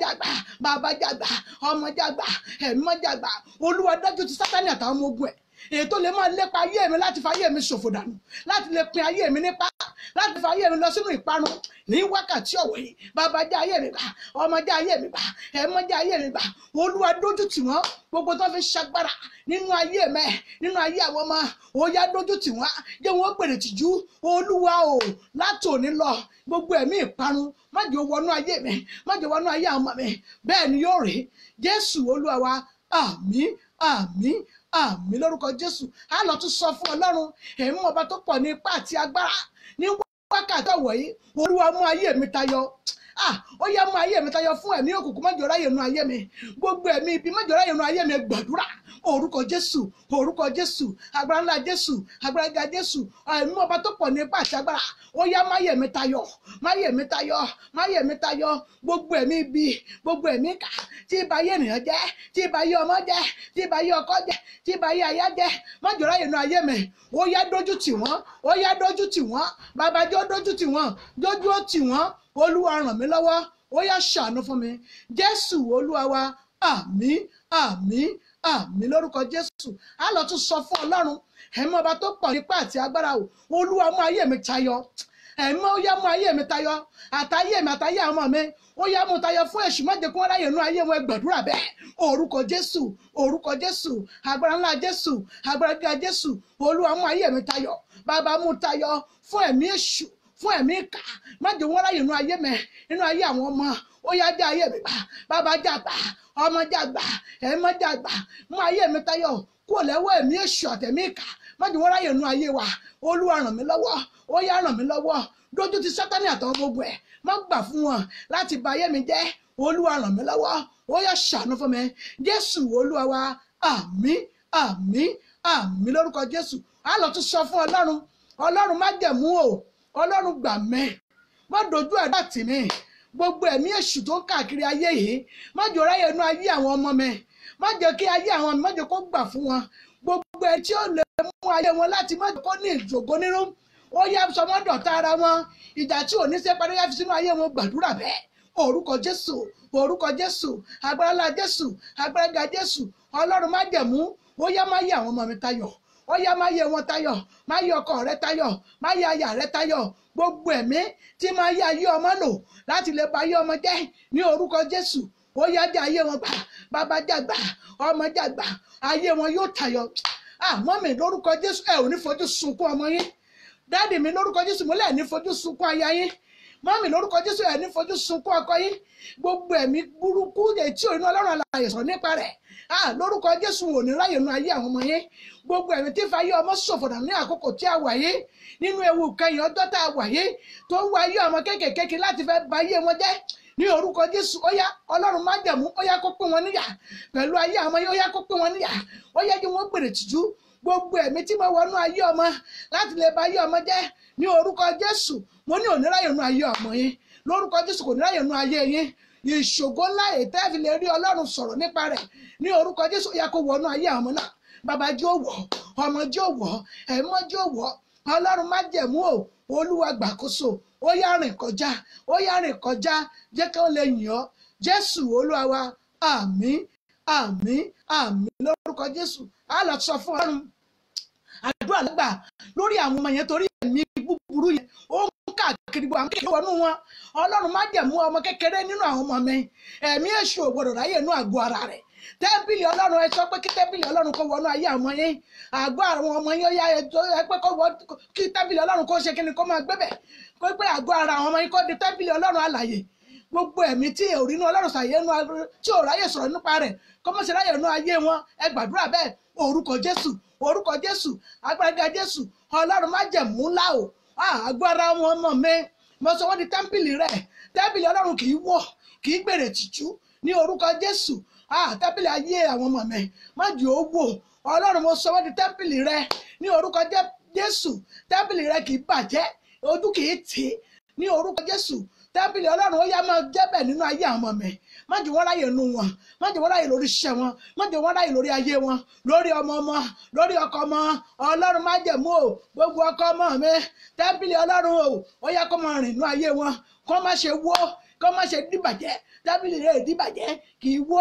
dàgbà bàbá dàgbà ọmọ dàgbà ẹ̀mọ́ dàgbà olúwa dájú ti sátani àtàwọn ọmọ ogun ẹ̀ èyí tó lè máa lépa ayé mi láti fa ayé mi ṣòfò dànù láti lè pin ayé mi nípa láti fa ayé mi lọ sínú ìparun ní wákàtí ọ̀wọ̀ yìí bàbá já ayé mi gbà ọmọ já ayé mi gbà ẹ̀mọ́ já ayé mi gbà olúwa dójú tì wọ́n gbogbo tó fi ṣagbára nínú ayé mẹ nínú ayé àwọn ọmọ ó yá dójú tì wọ́n jẹ́ wọ́n gbèrè tìjú olúwa o látòní lọ gbogbo ẹ̀mí ìparun má wọnú ayé mi má jẹ́ wọnú ayé àwọn ọmọ mi bẹ́ẹ̀ ni yóò rí jésù olúwa wa àmín àmín àmì lórúkọ jésù á lọ tún sọ fún ọlọ́run èmi ọba tó pọ̀ ní ipá àti agbára ní wákàtí ọ̀wọ̀ yìí olúwa mú ayé mi tayọ Ah, ó yá mú ayé mi tayọ fún ẹ̀mí òkùnkùn má jẹ́ ó ráyè nu ayé mi gbogbo ẹ̀mí ibi má jẹ́ ó ráyè nu ayé mi gbàdúrà orúkọ jésù orúkọ jésù agbára ńlá jésù agbára ga jésù ẹ̀mí ọba tó pọ̀ ní pàṣẹ agbára ó yá má yẹ̀ mi tayọ má yẹ̀ mi tayọ má yẹ̀ mi tayọ gbogbo ẹ̀mí ibi gbogbo ẹ̀mí kà tí ibà yé ènìyàn jẹ́ tí ibà ọmọ jẹ́ tí ibà ọkọ jẹ́ tí ibà aya jẹ́ má jẹ́ ayé mi ó yá dójú tì wọ́n ó yá dójú tì wọ́n babajọ́ dójú tì wọ́n dójú ó tì wọ́n olúwa ràn mí lọ́wọ́ ó yá ṣàánú fún mi jésù olúwa wa àmín àmín àmín lórúkọ jésù á lọ tún sọ fún ọlọ́run ẹ̀mí ọba tó pọ̀ nípa àti agbára o olúwa mú ayé mi tayọ ẹ̀mí ó yá mú ayé mi tayọ àtayé mi àtayé àwọn ọmọ mi ó yá mú tayọ fún èṣù má jẹ́ kó ráyè nú ayé wọn gbàdúrà bẹ́ẹ̀ orúkọ jésù orúkọ jésù agbára ńlá jésù agbára gíga jésù olúwa mú ayé mi tayọ bàbá mú tayọ fún ẹ̀mí èṣù fún ẹ̀mí ìkà má jẹ́ wọ́n ráyè inú ayé mẹ́ inú ayé àwọn ọmọ ó yá jẹ́ ayé mi gbà bàbá jà gbà ọmọ jà gbà ẹ̀mọ́ jà gbà mú ayé mi tayọ kúrò lẹ́wọ́ ẹ̀mí èṣù àtẹ̀mí ìkà má jẹ́ wọ́n ráyè inú ayé wa olúwa ràn mí lọ́wọ́ ó yá ràn mí lọ́wọ́ dójú ti sátani àtàwọn gbogbo ẹ̀ má gbà fún wọn láti bà ayé mi jẹ́ olúwa ràn mí lọ́wọ́ ó yá ṣàánú fún mi jésù olúwa wa àmín àmín àmín lórúkọ jésù á lọ tún sọ fún ọlọ́run ọlọ́run má jẹ̀mú o ọlọ́run gbà mí má dojú ẹ̀ dá tì mí gbogbo ẹ̀mí èṣù tó ń káàkiri ayé yìí má jọ ráyè inú ayé àwọn ọmọ mi má jẹ́ kí ayé àwọn mi má jẹ́ kó gbà fún wọn gbogbo ẹ̀ tí ó lè mú ayé wọn láti má jẹ́ kó ní ìjòkó nínú ó yá sọmọdọ̀ta ara wọn ìjà tí ò ní ṣe parí yá fi sínú ayé wọn gbàdúrà bẹ́ẹ̀ orúkọ jésù orúkọ jésù agbára jésù agbára jésù ọlọ́run má jẹ̀mú ó yá má yẹ àwọn ọmọ mi tayọ̀ ó yá má yẹ wọn tayọ̀ má yẹ ọkọ rẹ tayọ̀ má yẹ aya rẹ tayọ̀ gbogbo ẹ̀mí tí máa yẹ ayé ọmọ lò láti lè ba ayé ọmọ jẹ́ ní orúkọ Jésù ó yá dé ayé wọn gbà bàbá dàgbà ọmọ dàgbà ayé wọn yóò tayọ̀ àmọ́ ah, mi lórúkọ Jésù ẹ ò ní fojú sunkún ọmọ yín dáàdì mi lórúkọ Jésù mo lè ní fojú sunkún aya yín mọ́mì lórúkọ Jésù ẹ̀ ní fojú sunkún ọkọ yín gbogbo ẹ̀mí burúkú etí òyìnbó ọlọ́run alààyè sọ nípa rẹ̀ ah, lórúkọ Jésù ò ní ráyè nu ayé àwọn ọmọ yín gbogbo ẹ̀mí tí fàyè ọmọ ṣòfòdà ní àkókò tí a wà yé nínú ewu kẹyìn ọjọ́ tá a wà yé tó ń wá ayé ọmọ kéékèèké láti fẹ́ ba ayé wọn jẹ́ ní orúkọ jésù ó yá ọlọ́run má jẹ̀mú ó yá kó pé wọn níyà pẹ̀lú ayé àwọn ó yá kó pé wọn níyà ó yá kí wọ́n gbèrè tìjú gbogbo ẹ̀mí tí mo wọnú ayé ọmọ láti lè ba ayé ọmọ jẹ́ ní orúkọ jésù mo ní òníráyè nu ayé ọmọ yín lórúkọ jésù kò níráyè nu ayé yín ìṣògo ńlá ètẹ́fìlẹ̀ rí ọlọ́run sọ̀rọ̀ nípa rẹ̀ ní orúkọ jésù ó yá kó wọnú ayé ọmọ náà bàbá jẹ́ òwò ọmọ jẹ́ òwò ẹ̀mọ́ jẹ́ òwò ọlọ́run má jẹ̀mú o olúwa gbàkóso ó yá rìn kọjá ó yá rìn kọjá jẹ́ kí wọ́n lè yìn ọ́ jésù olúwa wa àmín àmín àmín lórúkọ jésù á lọ sọ fún ọlọ́run àdúrà lágbà lórí àwọn ọmọ yẹn torí ẹ̀mí búburú yẹn ó ń káàkiri bọ àwọn kékeré wọnú wọn ọlọ́run má jẹ̀mú ọmọ kékeré nínú àwọn ọmọ mi ẹ̀mí èṣù ò ráyè inú àgọ́ ara rẹ̀ tẹ́bìlì ọlọ́run ẹ sọ pé kí tẹ́bìlì ọlọ́run kó wọnú ayé àwọn yín àgọ́ àwọn ọmọ yín ó yá ẹ pé kó wọ kí tẹ́bìlì ọlọ́run kó ṣe kíni kó máa gbé bẹ̀ kó pé àgọ́ ara àwọn ọmọ yín kó di tẹ́bìlì ọlọ́run àlàyé gbogbo ẹ̀mí tí ò rínú ọlọ́run ṣàyẹnu tí ò ráyè sọ̀rọ̀ nípa rẹ̀ kó mọ̀ sí ráyè nú ayé wọn ẹ gbàdúrà bẹ́ẹ̀ orúkọ Jésù orúkọ Jésù agbára Jésù ọlọ́run má jẹ̀mú ńlá o agbára wọn mọ̀ mi mo sọ wọ́n di tẹ́ḿpìlì rẹ̀ tẹ́ḿpìlì ọlọ́run kì í wọ̀ kì í gbèrè tìjú ní orúkọ Jésù Ah, tábìlì ayé àwọn ọmọ mi má jì ó wò ọlọ́run mo sọ wọ́n di tábìlì rẹ ní orúkọ jésù tábìlì rẹ kì í bàjẹ́ ojú kì í tì í ní orúkọ jésù tábìlì ọlọ́run ó yá máa jẹ́bẹ̀ nínú ayé àwọn ọmọ mi má jẹ́ wọ́n ráyè nu wọn má jẹ́ wọ́n ráyè lórí iṣẹ́ wọn má jẹ́ wọ́n ráyè lórí ayé wọn lórí ọmọ ọmọ lórí ọkọ ọmọ ọlọ́run má jẹ̀ mú o gbogbo ọkọ ọmọ mi tábìlì ọlọ́run o ó yá kó máa rìn nínú ayé wọn kó má ṣe wó kọ́ má ṣe dìbàjẹ́ tábìlì rẹ̀ dìbàjẹ́ kì í wó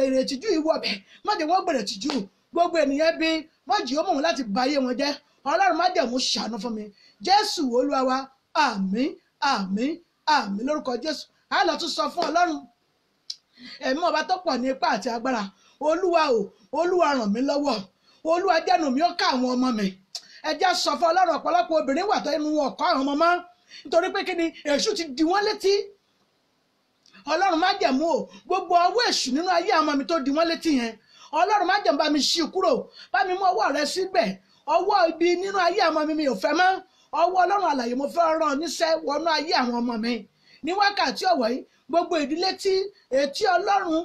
èrè tìjú ìwọ bẹ̀ má jẹ́ wọ́n gbèrè tìjú gbogbo ènìyàn bí wọ́n jì ó mọ̀ wọn láti báyé wọn jẹ́ ọlọ́run má jẹ̀mú ṣàánú fún mi jésù olúwa wa àmín àmín àmín lórúkọ jésù á lọ tún sọ fún ọlọ́run ẹ̀mí ọba tó pọ̀ ní ipá àti agbára olúwa o olúwa ràn mí lọ́wọ́ olúwa jẹ́nu mi ó ká àwọn ọmọ mi ẹ jẹ́ sọ fún ọlọ́run ọ̀pọ̀lọpọ̀ obìnrin wà tó ẹnu wọn ọ̀kọ́ àwọn ọmọ mọ́ nítorí pé kí ni èṣù ti di wọ́n létí ọlọ́run má jẹ̀mú o gbogbo ọwọ́ èṣù nínú ayé àwọn ọmọ mi tó di wọ́n létí yẹn ọlọ́run má jẹ̀mú bá mi ṣí kúrò bá mi mú ọwọ́ rẹ síbẹ̀ ọwọ́ ibi nínú ayé àwọn ọmọ mi mi ò fẹ́ mọ́ ọwọ́ ọlọ́run àlàyé mo fẹ́ rán níṣẹ́ wọnú ayé àwọn ọmọ mi ní wákàtí ọ̀wọ́ yìí gbogbo ìdílé tí etí ọlọ́run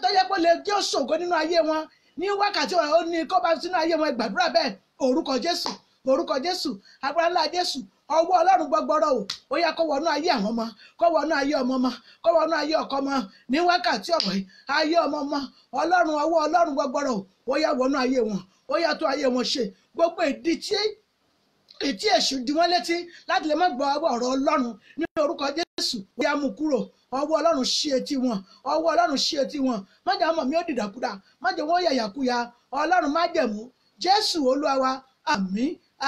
tó yẹ kó lè jẹ́ òṣògo nínú ayé wọn ní wákàtí ọ̀wọ́ ó ní kó bá sínú ayé wọn gbàdúrà bẹ́ẹ̀ orúkọ jésù orúkọ jésù agbára ńlá jésù ọwọ́ ọlọ́run gbọgbọrọ o ó yá kó wọnú ayé àwọn ọmọ kó wọnú ayé ọmọ ọmọ kó wọnú ayé ọkọ ọmọ ní wákàtí ọ̀rọ̀ yìí ayé ọmọ ọmọ ọlọ́run ọwọ́ ọlọ́run gbọgbọrọ o ó yá wọnú ayé wọn ó yá tó ayé wọn ṣe gbogbo ìdí tí ètí èṣù di wọ́n létí láti lè má gbọ́ ọ̀rọ̀ ọlọ́run ní orúkọ jésù ó yá mú kúrò ọwọ́ ọlọ́run ṣí etí wọn ọwọ́ ọlọ́run ṣí etí wọn má jẹ́ ọmọ mi ó dìdàkudà má jẹ́ wọ́n yàyàkuyà ọlọ́run má jẹ̀mú jésù olúwa wa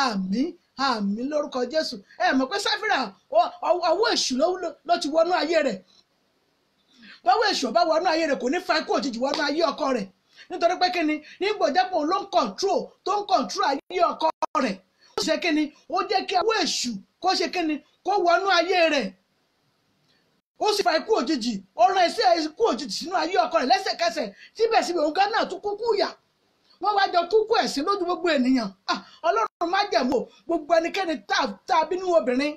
àmín àmì lórúkọ jésù ẹ mọ̀ pé sáfìrà ọwọ́ èṣù ló ti wọnú ayé rẹ̀ báwo èṣù bá wọnú ayé rẹ̀ kò ní fa ikú òjijì wọnú ayé ọkọ rẹ̀ nítorí pé kíni nígbò jẹ́pọ̀ ló ń kọ̀ntró tó ń kọ̀ntró ayé ọkọ rẹ̀ ó ṣe kíni ó jẹ́ kí ọwọ́ èṣù kó ṣe kíni kó wọnú ayé rẹ̀ ó sì fa ikú òjijì ó rán iṣẹ́ ikú òjijì sínú ayé ọkọ rẹ̀ lẹ́sẹ̀kẹsẹ̀ síbẹ̀síbẹ̀ òun gánà tó kúkú yà wọ́n wá jọ kúkú ẹ̀sìn lójú gbogbo ènìyàn ah, ọlọ́run má jẹ̀mú gbogbo ẹnikẹ́ni tá a bí nínú obìnrin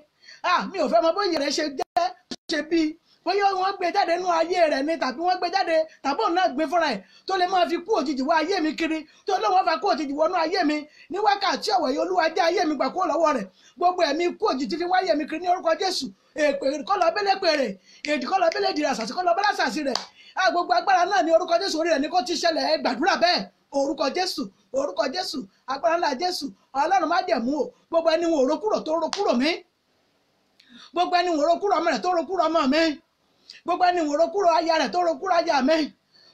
ah, mi ò fẹ́ mọ bóyá rẹ̀ ṣe jẹ́ ṣe bí bóyá wọ́n gbé jáde nínú ayé rẹ̀ ni tàbí wọ́n gbé jáde tàbí òun náà gbé fúnra ẹ̀ tó lè máa fi kú òjijì wá ayé mi kiri tó lóun fa kú òjijì wọnú ayé mi ní wákàtí ọ̀wọ̀ yìí olúwa jẹ́ ayé mi gbà kó lọ́wọ́ rẹ̀ gbogbo ẹ̀mí kú òjijì fi wáyé mi kiri ní orúkọ jésù èpè kọ́lọ́ abẹ́lẹ́ pèrè èdè kọ́lọ́ abẹ́lẹ́ dìrasàsì kọ́lọ́ abẹ́lẹ́ sàsì rẹ̀ ah, gbogbo agbára náà ní orúkọ jésù orí rẹ̀ ní kó ti ṣẹlẹ̀ gbàdúrà bẹ́ẹ̀ orúkọ jésù orúkọ jésù agbára jesu jésù ọlọ́run má dẹ̀ mú o gbogbo ẹni wọn òrókùrò tó rókùrò mi gbogbo ẹni wọn òrókùrò ọmọ rẹ̀ tó rókùrò ọmọ mi gbogbo ẹni wọn òrókùrò aya rẹ̀ tó rókùrò aya mi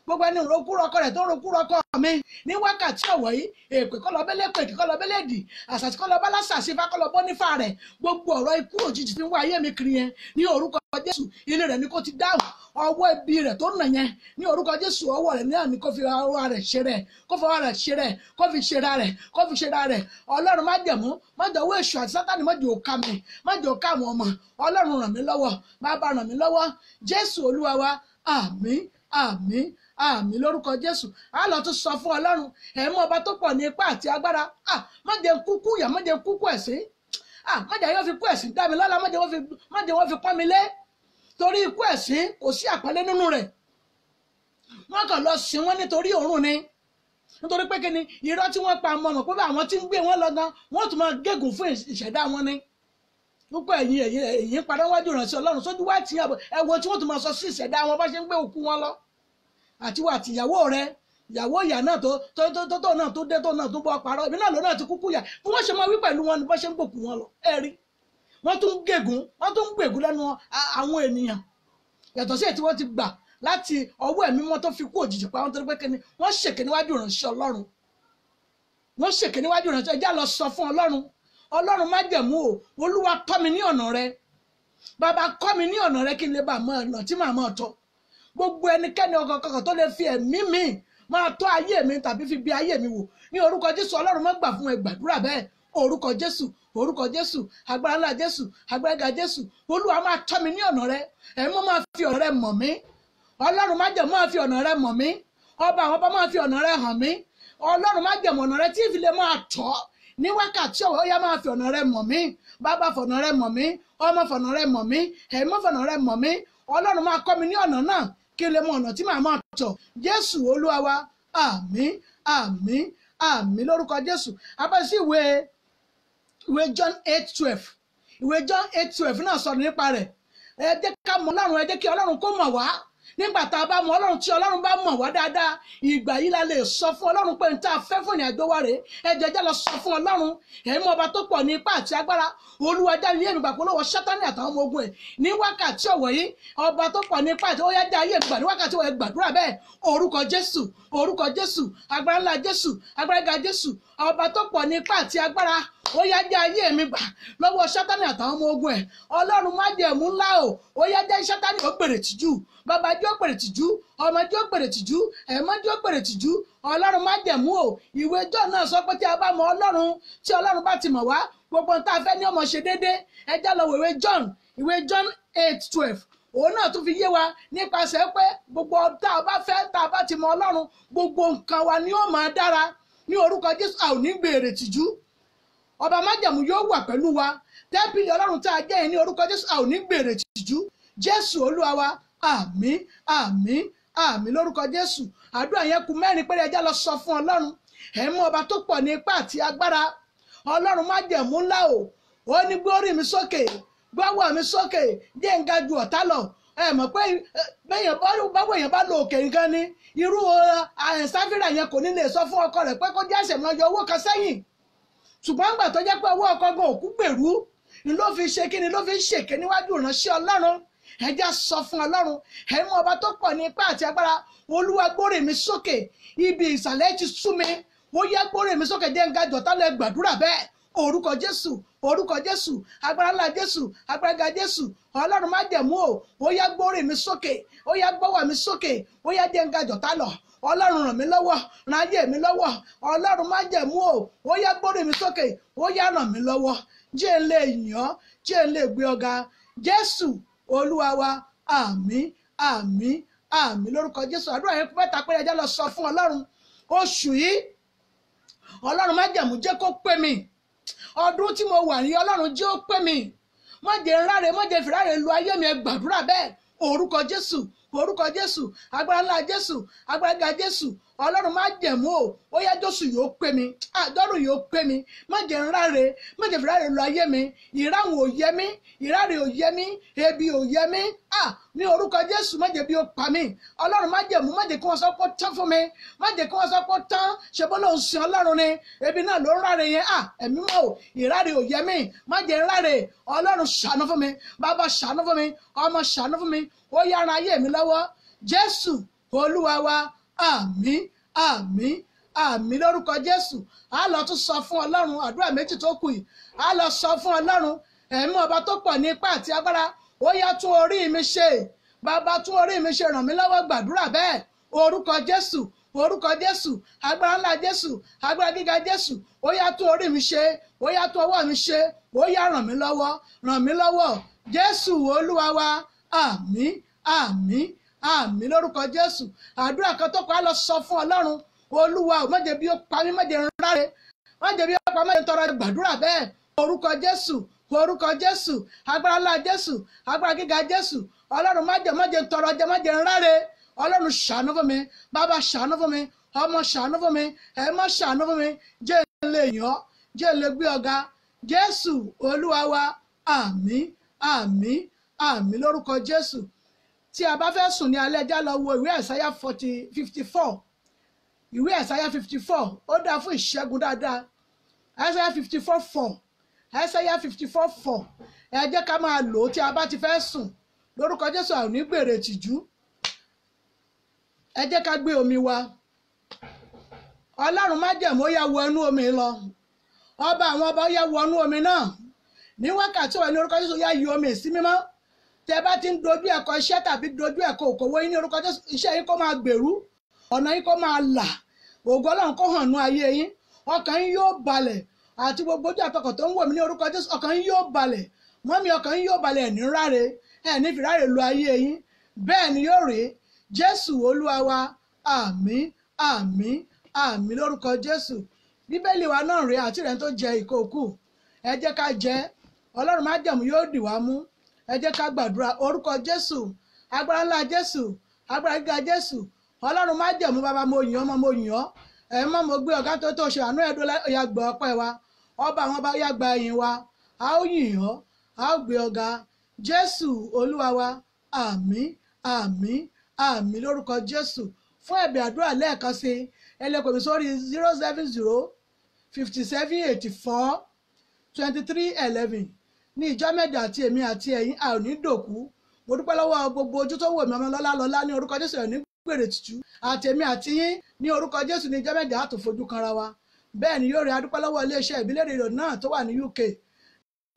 gbogbo ẹni òrokú rọkọ rẹ̀ tó ń rokú rọkọ mi ní wákàtí ọ̀wọ̀ yìí èpè kọ́ lọ bẹ́lẹ̀ pè kí kọ́ lọ bẹ́lẹ̀ dì àṣàṣì kọ́ lọ bá lásàṣì fá kọ́ lọ bọ́ nífà rẹ̀ gbogbo ọ̀rọ̀ ikú òjijì tí ń wá ayé mi kiri yẹn ní orúkọ jésù ilé rẹ̀ ni kò ti dáhùn ọwọ́ ibi rẹ̀ tó nà yẹn ní orúkọ jésù ọwọ́ rẹ̀ náà ni kò fi ara rẹ̀ ṣe rẹ̀ kò fi ara rẹ̀ ṣe rẹ̀ kò fi ṣe ra rẹ̀ kò fi ṣe ra rẹ̀ ọlọ́run má jẹ̀mú má jẹ̀ owó èṣù àti sátani má jẹ̀ òka mi má jẹ̀ òka àwọn ọmọ ọlọ́run ràn mí lọ́wọ́ bàbá ràn mí lọ́wọ́ jésù olúwa wa àmín àmín àmì lórúkọ jésù á lọ tún sọ fún ọlọ́run ẹ̀ mú ọba tó pọ̀ ní ipá àti agbára à má jẹ́ kúkú yà má jẹ́ kúkú ẹ̀sìn à má jẹ́ yóò fi kú ẹ̀sìn dá mi lọ́lá má jẹ́ wọ́n fi pọ́n mi lé torí ikú ẹ̀sìn kò sí àpẹẹlẹ nínú rẹ̀ wọ́n kàn lọ sìn wọ́n nítorí òórùn ni nítorí pé kíni irọ́ tí wọ́n pa mọ́mọ́ pé àwọn tí ń gbé wọn lọ gan wọ́n tún máa gégùn fún ìṣẹ̀dá wọn ni púpọ̀ ẹ̀yìn ẹ̀yìn padà wájú ìrànṣẹ́ ọlọ́run sójú wá tìyàbọ̀ ẹ̀wọ̀n tí wọ́n tún máa sọ sí ìṣẹ̀dá wọn bá ṣe ń gbé òkú wọn lọ àti wà àti ìyàwó rẹ ìyàwó ìyá náà tó tó tó tó náà tó dé tó náà tó bọ́ parọ́ ìbí náà ló náà ti kúkú yà bí wọ́n ṣe máa wí pẹ̀lú wọn ni bọ́n ṣe ń gbòkú wọn lọ ẹ rí wọ́n tún gègùn wọ́n tún gbègùn lẹ́nu àwọn ènìyàn yàtọ̀ sí èyí tí ti gbà láti ọwọ́ ẹ̀mí wọn tó fi kú òjijì pa wọn tó pé kíni wọ́n ṣèké níwájú ìránṣẹ́ ọlọ́run wọ́n ṣèké níwájú ìránṣẹ́ ẹjá lọ sọ fún ọlọ́run ọlọ́run má jẹ̀mú o olúwa tọ́ mi ní ọ̀nà rẹ bàbá kọ́ mi ní ọ̀nà rẹ kí n lè bá mọ ọ̀nà tí màá mọ̀ tọ́ gbogbo ẹnikẹ́ni ọkàn kankan tó lè fi ẹ̀mí mi máa tọ́ ayé mi tàbí fi bí ayé mi wò ní orúkọ jésù ọlọ́run má gbà fún ẹ gbàdúrà bẹ́ẹ̀ orúkọ jésù orúkọ jésù agbára ńlá jésù agbára ga jésù olúwa máa tọ́ mi ní ọ̀nà rẹ ẹ̀mọ́ máa fi ọ̀nà rẹ mọ̀ mí ọlọ́run má jẹ̀ máa fi ọ̀nà rẹ mọ̀ mí ọba àwọn ọba máa fi ọ̀nà rẹ hàn mí ọlọ́run má jẹ̀ mọ̀ rẹ tí ìfilẹ̀ máa tọ́ ní wákàtí ọ̀wọ́ ó yá máa fi ọ̀nà rẹ mọ̀ mí bàbá fọ̀nà rẹ mọ̀ mí ọmọ fọ̀nà rẹ mọ̀ mí ẹ̀mọ́ fọ̀nà rẹ mọ̀ mí ọlọ́run máa kọ́ mi ní ọ̀nà náà kí lè mọ ọ̀nà tí màá máa tọ̀ jésù olúwa wa àmín àmín àmín lórúkọ jésù abẹ́sí ìwé ìwé john eight twelve ìwé john eight twelve náà sọ̀rọ̀ nípa rẹ̀ ẹ jẹ́ ká mọ ọlọ́run ẹ jẹ́ kí ọlọ́run kó mọ̀ wá nígbà tá a bá mọ ọlọ́run tí ọlọ́run bá mọ̀ wá dáadáa ìgbà yìí la lè sọ fún ọlọ́run pé n tá a fẹ́ fún ìrìn àjò wa rèé ẹ jẹjẹ lọ sọ fún ọlọ́run ẹ mọ ọba tó pọ̀ ní ipá àti agbára olúwa dá ilé ìgbà pé lọ́wọ́ sátánì àtàwọn ọmọ ogun ẹ̀ ní wákàtí ọ̀wọ̀ yìí ọba tó pọ̀ ní ipá àti ọyá dá ayé ìgbà ní wákàtí ọ̀wọ̀ gbàdúrà bẹ́ẹ̀ orúkọ jésù orúkọ jésù agbára ńlá jésù agbára ga jésù ọba tó pọ̀ ní ipá àti agbára ó yá jẹ́ ayé mi gbà lọ́wọ́ sátani àtàwọn ọmọ ogun ẹ̀ ọlọ́run má jẹ́ mú ńlá o ó yá jẹ́ sátani ó gbèrè tìjú bàbá jẹ́ ó gbèrè tìjú ọmọ jẹ́ ó gbèrè tìjú ẹ̀mọ́ jẹ́ ó gbèrè tìjú ọlọ́run má jẹ̀mú o ìwé john náà sọ pé tí a bá mọ ọlọ́run tí ọlọ́run bá ti mọ̀ wá gbogbo nta fẹ́ ní ọmọ ṣe déédéé ẹ já lọ wèwe john ìwé john eight twelve òun náà tún fi yé wa nípasẹ̀ pé gbogbo tá a bá fẹ́ tá a bá ti mọ ọlọ́run gbogbo nǹkan wa ni ó máa dára ní orúkọ jésù a ò ní gbèrè tìjú ọba májẹ̀mú yóò wà pẹ̀lú wa tẹ́ḿpìlì ọlọ́run tá a jẹ́ yẹn ní orúkọ jésù a ò ní gbèrè tìjú jésù olúwa wa àmín àmín àmín lórúkọ jésù àdúrà yẹn kù mẹ́rin péré ẹjá lọ sọ fún ọlọ́run ẹ̀ mú ọba tó pọ̀ ní ipá àti agbára ọlọ́run májẹ̀mú ńlá o ó ní gbórí mi sókè gbọ́wọ́ mi sókè jẹ́ ń ga ju ọ̀tá lọ ẹ mọ̀ pé bẹ́yẹn báwo èèyàn bá lo òkè nǹkan ni irú sáfìrà yẹn kò ní lè sọ fún ọkọ rẹ̀ pé kó jẹ́ àṣẹ̀mọ́ yọ owó kan sẹ́yìn ṣùgbọ́n nígbà tó jẹ́ pé ọwọ́ ọkọ gan òkú gbèrú ni ló fi ṣe kíni ló fi ń ṣèké níwájú ìránṣẹ́ ọlọ́run ẹ já sọ fún ọlọ́run ẹ mú ọba tó pọ̀ ní ipá àti agbára olúwa gbóre mi sókè ibi ìsàlẹ̀ ti sú mi ó yẹ gbóre mi sókè jẹ́ nga jọ̀tá lẹ gbàdúrà bẹ́ẹ̀ orúkọ jésù orúkọ jésù agbára ńlá jésù agbára ga jésù ọlọ́run má dẹ̀ mú o ó yẹ gbóre mi sókè ó yẹ gbọ́wọ́ mi sókè ó yẹ jẹ́ nga ọlọ́run ràn mí lọ́wọ́ ràn ayé mi lọ́wọ́ ọlọ́run má jẹ̀mú o ó yá gbórí mi sókè ó yá ràn mí lọ́wọ́ jẹ́ ń lè yìn ọ́ jẹ́ ń lè gbé ọ̀gá jésù olúwa wa àmín àmín àmín lórúkọ jésù àdúrà yẹn mẹ́ta pé ẹjẹ́ lọ sọ fún ọlọ́run oṣù yìí ọlọ́run má jẹ̀mú jẹ́ kó pè mí ọdún tí mo wà yìí ọlọ́run jẹ́ ó pè mi ẹ gbàdúrà bẹ́ẹ̀ orúkọ orúkọ jésù agbára ńlá jésù agbára ga jésù ọlọ́run má jẹ̀mú o ó yá jọ́sù yóò pé mi àjọ́rùn yóò pé mi má jẹ́ ńláre má jẹ́ fìláre lọ ayé mi ìráhùn ò yẹ mí ìráre ò yẹ mí ebi ò yẹ mí ní orúkọ jésù má jẹ́ bí ó pa mí ọlọ́run má jẹ̀mú má jẹ́ kí wọ́n sọ pé ó tán fún mi má jẹ́ kí wọ́n sọ pé tán ṣe bó lóun sin ọlọ́run ni ebi náà ló ń ráre yẹn ẹ̀mí mọ́ o ìráre ò yẹ mí má jẹ́ ńláre ọlọ́run ṣàánú fún mi bàbá ṣàánú fún mi ọmọ ṣàánú fún mi ó yára ayé mi lọ́wọ́ jésù olúwa wa àmín àmín àmín lórúkọ jésù a lọ tún sọ fún ọlọ́run àdúrà méjì tó kù yìí a lọ sọ fún ọlọ́run ẹ̀mí ọba tó pọ̀ ní ipá àti agbára ó yá tún orí mi ṣe bàbá tún orí mi ṣe ràn mí lọ́wọ́ gbàdúrà bẹ́ẹ̀ orúkọ jésù orúkọ jésù agbára ńlá jésù agbára gíga jésù ó yá tún orí mi ṣe ó yá tún ọwọ́ mi ṣe ó yá ràn mí lọ́wọ́ ràn mí lọ́wọ́ jésù olúwa wa àmín àmín àmì lórúkọ jésù àdúrà kan tó kọ́ á lọ sọ fún ọlọ́run olúwa ò má jẹ́ bí ó pa mí má jẹ́ ń ráre má jẹ́ bí ó pa má jẹ́ ń tọrọ gbàdúrà bẹ́ẹ̀ orúkọ jésù orúkọ jésù agbára ńlá jésù agbára gíga jésù ọlọ́run má jẹ́ má jẹ́ ń tọrọ jẹ má jẹ́ ọlọ́run ṣàánú fún mi bàbá ṣàánú fún mi ọmọ ṣàánú fún mi ẹ̀mọ́ ṣàánú fún mi jẹ́ ilé yàn jẹ́ ilé gbé ọ̀gá jésù olúwa wa àmín àmín àmín lórúkọ jésù tí a bá fẹ́ sùn ní alẹ́ já lọ wo ìwé ẹ̀sáyà forty fifty four ìwé ẹ̀sáyà fifty four ó dáa fún ìṣẹ́gun dáadáa ẹ̀sáyà fifty four four ẹ̀sáyà fifty four four ẹ jẹ́ ká máa lò ó tí a bá ti fẹ́ sùn lórúkọ Jésù àrùn ní gbèrè tìjú ẹ jẹ́ ká gbé omi wa ọlọ́run májẹ̀mú ó yá wọ inú omi lọ ọba àwọn ọba ó yá wọ inú omi náà ní wákàtí òwe ní orúkọ Jésù yá yí omi sí mímọ́ tẹ bá ti ń dojú ẹkọ iṣẹ́ tàbí dojú ẹkọ òkòwò yín ní orúkọ Jésù iṣẹ́ yín kó máa gbèrú ọ̀nà yín kó máa là ògo Ọlọ́run kó hàn nú ayé yín ọkàn yín yóò balẹ̀ àti gbogbo ojú àtọkọ̀ tó ń wò mí ní orúkọ Jésù ọkàn yín yóò balẹ̀ mọ́mí ọkàn yín yóò balẹ̀ ẹ̀ní ráre ẹ̀ní fìráre lu ayé yín bẹ́ẹ̀ ni yóò rí Jésù Olúwa wa àmín àmín àmín lórúkọ Jésù bíbélì wa náà rèé àti rẹ̀ tó jẹ ìkókù ẹ jẹ́ ká jẹ Ọlọ́run májẹ̀mú yóò dì wá mú ẹ jẹ́ ká gbàdúrà orúkọ jésù agbára ńlá jésù agbára gíga jésù ọlọ́run má jẹ̀mú bàbá mo yàn ọmọ mo yàn ọ́ ẹ̀ mọ́ mo gbé ọ̀gá tó tó ṣe àánú ẹ̀dọ́ ya gbọ́ ọpẹ́ wa ọba àwọn ọba ya gba ẹ̀yìn wa a ó yìn ọ́ a ó gbé ọ̀gá jésù olúwa wa àmín àmín àmín lórúkọ jésù fún ẹ̀bẹ̀ àdúrà lẹ́ẹ̀kan sí ẹlẹ́kọ̀ọ́ sórí zero seven zero fifty seven eighty four twenty three eleven ní ìjọ mẹ́jọ àti èmi àti ẹ̀yin a ò ní dòkú mo dúpẹ́ lọ́wọ́ gbogbo ojú tó wò mí ọmọ lọ́lá lọ́lá ní orúkọ jésù ẹ̀ ní gbèrè tìtú àti èmi àti yín ní orúkọ jésù ní ìjọ mẹ́jọ àtò fojú kanra wa bẹ́ẹ̀ ni yóò rí adúpẹ́ lọ́wọ́ iléeṣẹ́ ìbílẹ̀ rédíò náà tó wà ní UK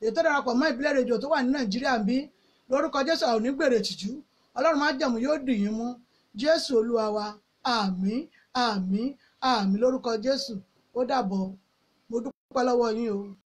ètò ìdarapọ̀ mọ́ ìbílẹ̀ rédíò tó wà ní Nàìjíríà ń bí lórúkọ jésù a ò ní gbèrè tìtú ọlọ́run má jẹ̀mú yóò dì yín mú jésù olúwa wa àmín àmín àmín lórúkọ jésù ó dàbọ̀ mo dúpẹ́ lọ́wọ́ yín o.